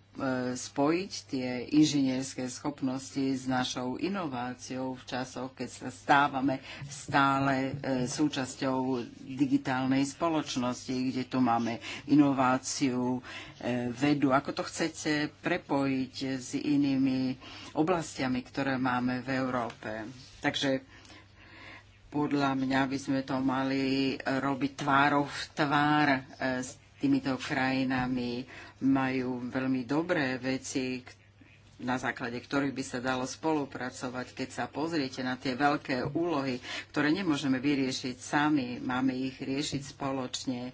Speaker 1: spojiť tie inžinierské schopnosti s našou inováciou v časoch, keď sa stávame stále e, súčasťou digitálnej spoločnosti, kde tu máme inováciu, e, vedu. Ako to chcete prepojiť s inými oblastiami, ktoré máme v Európe? Takže podľa mňa by sme to mali robiť tvárov v tvár e, s týmito krajinami. Majú veľmi dobré veci, na základe ktorých by sa dalo spolupracovať, keď sa pozriete na tie veľké úlohy, ktoré nemôžeme vyriešiť sami, máme ich riešiť spoločne.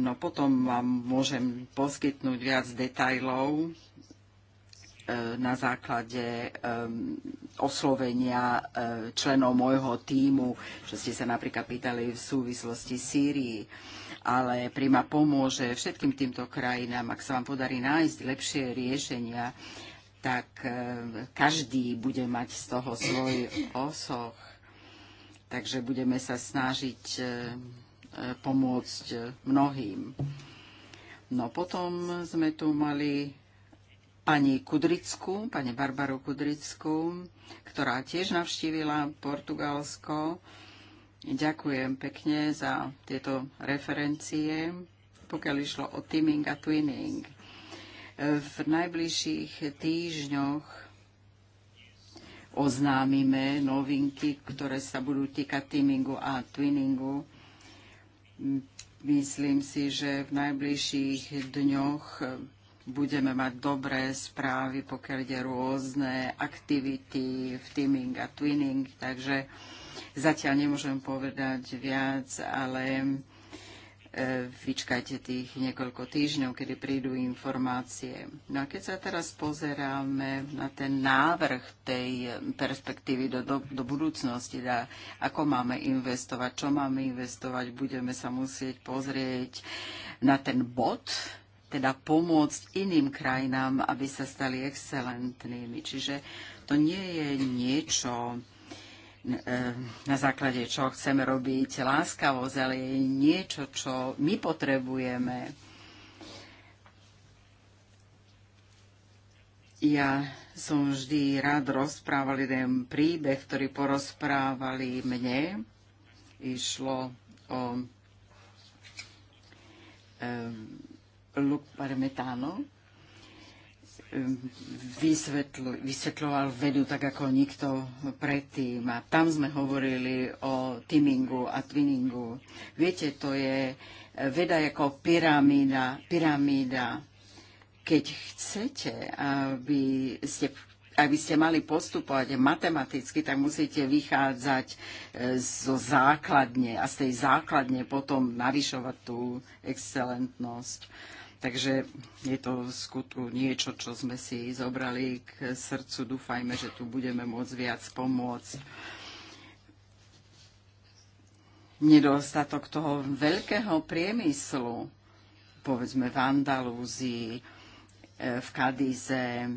Speaker 1: No potom vám môžem poskytnúť viac detajlov Eh, na základe eh, oslovenia eh, členov môjho týmu, čo ste sa napríklad pýtali v súvislosti Sýrii ale Prima pomôže všetkým týmto krajinám, ak sa vám podarí nájsť lepšie riešenia, tak každý bude mať z toho svoj osoch. Takže budeme sa snažiť pomôcť mnohým. No potom sme tu mali pani Kudrickú, pani Barbaru Kudrickú, ktorá tiež navštívila Portugalsko. Ďakujem pekne za tieto referencie, pokiaľ išlo o teaming a twinning. V najbližších týždňoch oznámime novinky, ktoré sa budú týkať teamingu a twinningu. Myslím si, že v najbližších dňoch budeme mať dobré správy, pokiaľ ide rôzne aktivity v teaming a twinning, takže zatiaľ nemôžem povedať viac, ale e, vyčkajte tých niekoľko týždňov, kedy prídu informácie. No a keď sa teraz pozeráme na ten návrh tej perspektívy do, do, do budúcnosti, da, ako máme investovať, čo máme investovať, budeme sa musieť pozrieť na ten bod, teda pomôcť iným krajinám, aby sa stali excelentnými. Čiže to nie je niečo, e, na základe čo chceme robiť láskavosť, ale je niečo, čo my potrebujeme. Ja som vždy rád rozprával jeden príbeh, ktorý porozprávali mne. Išlo o e, Luk Parmetano um, vysvetl, vysvetľoval vedu tak ako nikto predtým. A tam sme hovorili o timingu a twinningu. Viete, to je eh, veda ako pyramída. pyramída. Keď chcete, aby ste aby ste mali postupovať matematicky, tak musíte vychádzať eh, zo základne a z tej základne potom navyšovať tú excelentnosť Takže je to v skutku niečo, čo sme si zobrali k srdcu. Dúfajme, že tu budeme môcť viac pomôcť. Nedostatok toho veľkého priemyslu, povedzme v Andalúzii, e, v Kadize,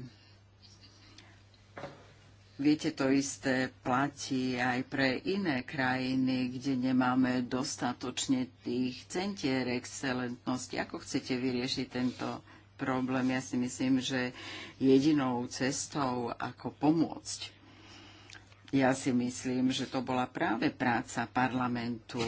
Speaker 1: Viete, to isté platí aj pre iné krajiny, kde nemáme dostatočne tých centier excelentnosti. Ako chcete vyriešiť tento problém? Ja si myslím, že jedinou cestou, ako pomôcť, ja si myslím, že to bola práve práca parlamentu,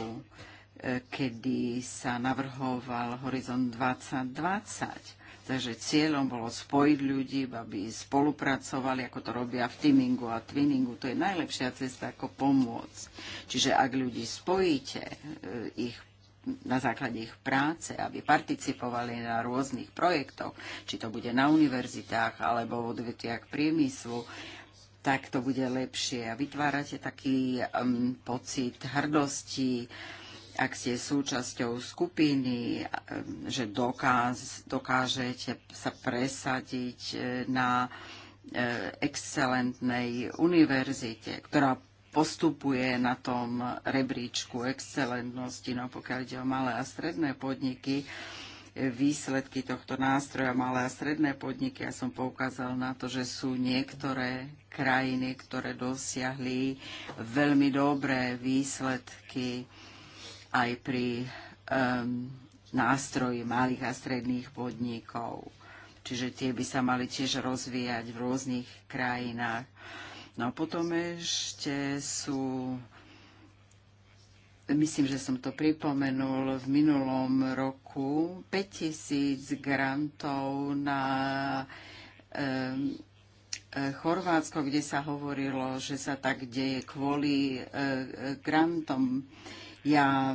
Speaker 1: e, kedy sa navrhoval Horizont 2020 Takže cieľom bolo spojiť ľudí, aby spolupracovali, ako to robia v teamingu a twinningu. To je najlepšia cesta, ako pomôcť. Čiže ak ľudí spojíte, e, ich na základe ich práce, aby participovali na rôznych projektoch, či to bude na univerzitách alebo v odvetiach priemyslu, tak to bude lepšie. A vytvárate taký um, pocit hrdosti, ak ste súčasťou skupiny, že dokáz, dokážete sa presadiť e, na e, excelentnej univerzite, ktorá postupuje na tom rebríčku excelentnosti, no pokiaľ ide o malé a stredné podniky, e, výsledky tohto nástroja malé a stredné podniky. Ja som poukázal na to, že sú niektoré krajiny, ktoré dosiahli veľmi dobré výsledky aj pri um, nástroji malých a stredných podnikov. Čiže tie by sa mali tiež rozvíjať v rôznych krajinách. No a potom ešte sú, myslím, že som to pripomenul, v minulom roku 5000 grantov na um, Chorvátsko, kde sa hovorilo, že sa tak deje kvôli eh, eh, grantom. Ja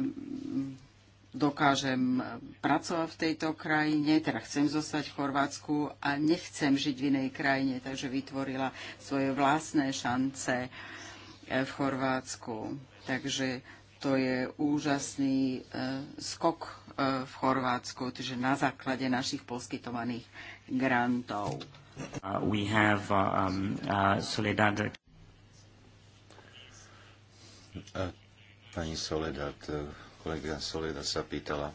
Speaker 1: dokážem pracovať v tejto krajine, teda chcem zostať v Chorvátsku a nechcem žiť v inej krajine, takže vytvorila svoje vlastné šance eh, v Chorvátsku. Takže to je úžasný eh, skok eh, v Chorvátsku, takže na základe našich poskytovaných grantov. Uh, we have uh, um, uh,
Speaker 2: Pani Soledad, eh, kolega Soleda sa pýtala.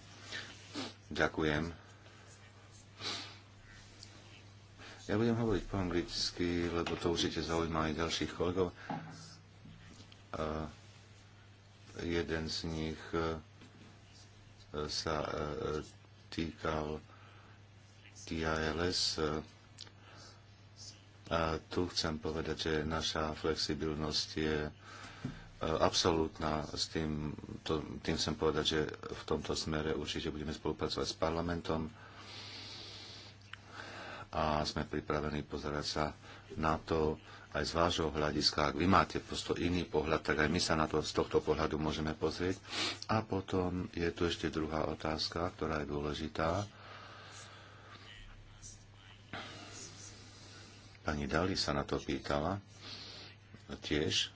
Speaker 2: Ďakujem. Ja budem hovoriť po anglicky, lebo to určite zaujíma aj ďalších kolegov. A eh, jeden z nich eh, sa týkal TILS. A tu chcem povedať, že naša flexibilnosť je absolútna. S tým, to, tým chcem povedať, že v tomto smere určite budeme spolupracovať s parlamentom a sme pripravení pozerať sa na to aj z vášho hľadiska. Ak vy máte prosto iný pohľad, tak aj my sa na to z tohto pohľadu môžeme pozrieť. A potom je tu ešte druhá otázka, ktorá je dôležitá. Pani Dali sa na to pýtala tiež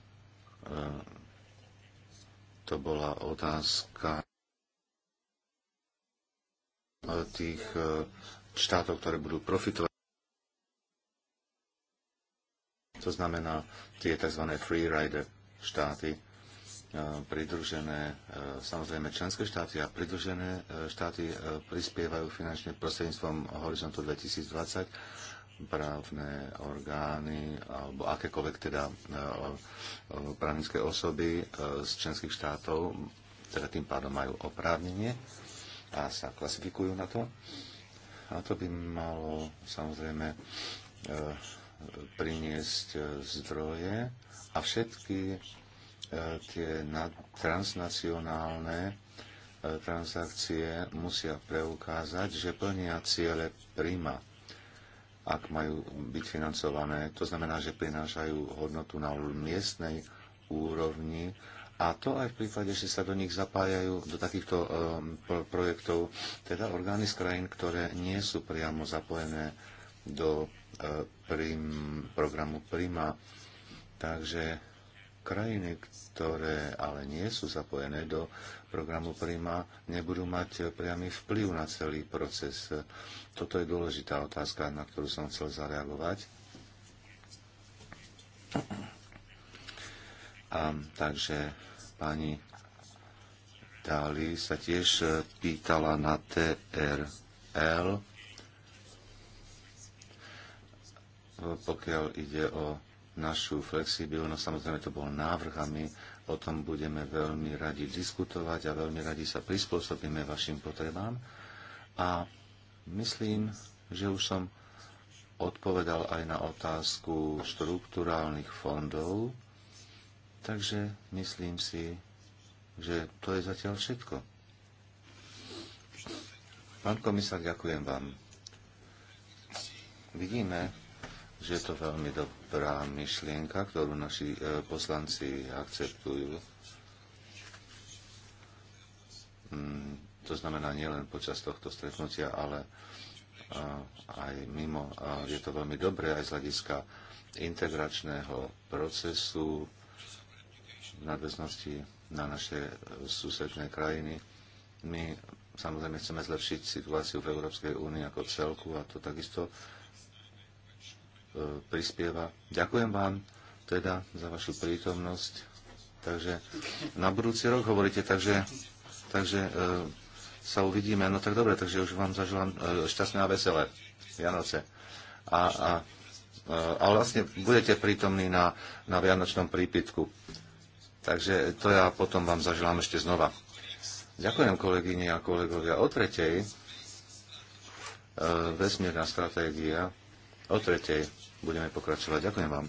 Speaker 2: Eh, to bola otázka tých eh, štátov, ktoré budú profitovať. To znamená tie tzv. freerider štáty, eh, pridružené, samozrejme členské štáty a pridružené štáty prispievajú finančne prostredníctvom Horizontu 2020 právne orgány alebo akékoľvek teda e, e, právnické osoby e, z členských štátov, teda tým pádom majú oprávnenie a sa klasifikujú na to. A to by malo samozrejme priniesť zdroje a všetky tie transnacionálne transakcie musia preukázať, že plnia ciele prima ak majú byť financované. To znamená, že prinášajú hodnotu na miestnej úrovni a to aj v prípade, že sa do nich zapájajú do takýchto um, projektov teda orgány z krajín, ktoré nie sú priamo zapojené do eh, prim, programu Prima. Takže Krajiny, ktoré ale nie sú zapojené do programu Prima, nebudú mať priamy vplyv na celý proces. Toto je dôležitá otázka, na ktorú som chcel zareagovať. A, takže pani Dali sa tiež pýtala na TRL, pokiaľ ide o našu flexibilnosť. Samozrejme, to bol návrh a my o tom budeme veľmi radi diskutovať a veľmi radi sa prispôsobíme vašim potrebám. A myslím, že už som odpovedal aj na otázku štruktúrálnych fondov, takže myslím si, že to je zatiaľ všetko. Pán komisár, ďakujem vám. Vidíme, že je to veľmi dobrá myšlienka, ktorú naši e, poslanci akceptujú. Mm, to znamená nielen počas tohto stretnutia, ale e, aj mimo. Je to veľmi dobré aj z hľadiska integračného procesu v nadväznosti na naše e, susedné krajiny. My samozrejme chceme zlepšiť situáciu v Európskej únii ako celku a to takisto E, prispieva. Ďakujem vám teda za vašu prítomnosť. Takže na budúci rok hovoríte, takže, takže e, sa uvidíme. No tak dobre, takže už vám zaželám e, šťastné a veselé Vianoce. A, a, e, a vlastne budete prítomní na, na Vianočnom prípitku. Takže to ja potom vám zaželám ešte znova. Ďakujem kolegyni a kolegovia. O tretej e, vesmírna stratégia o tretej budeme pokračovať. Ďakujem vám.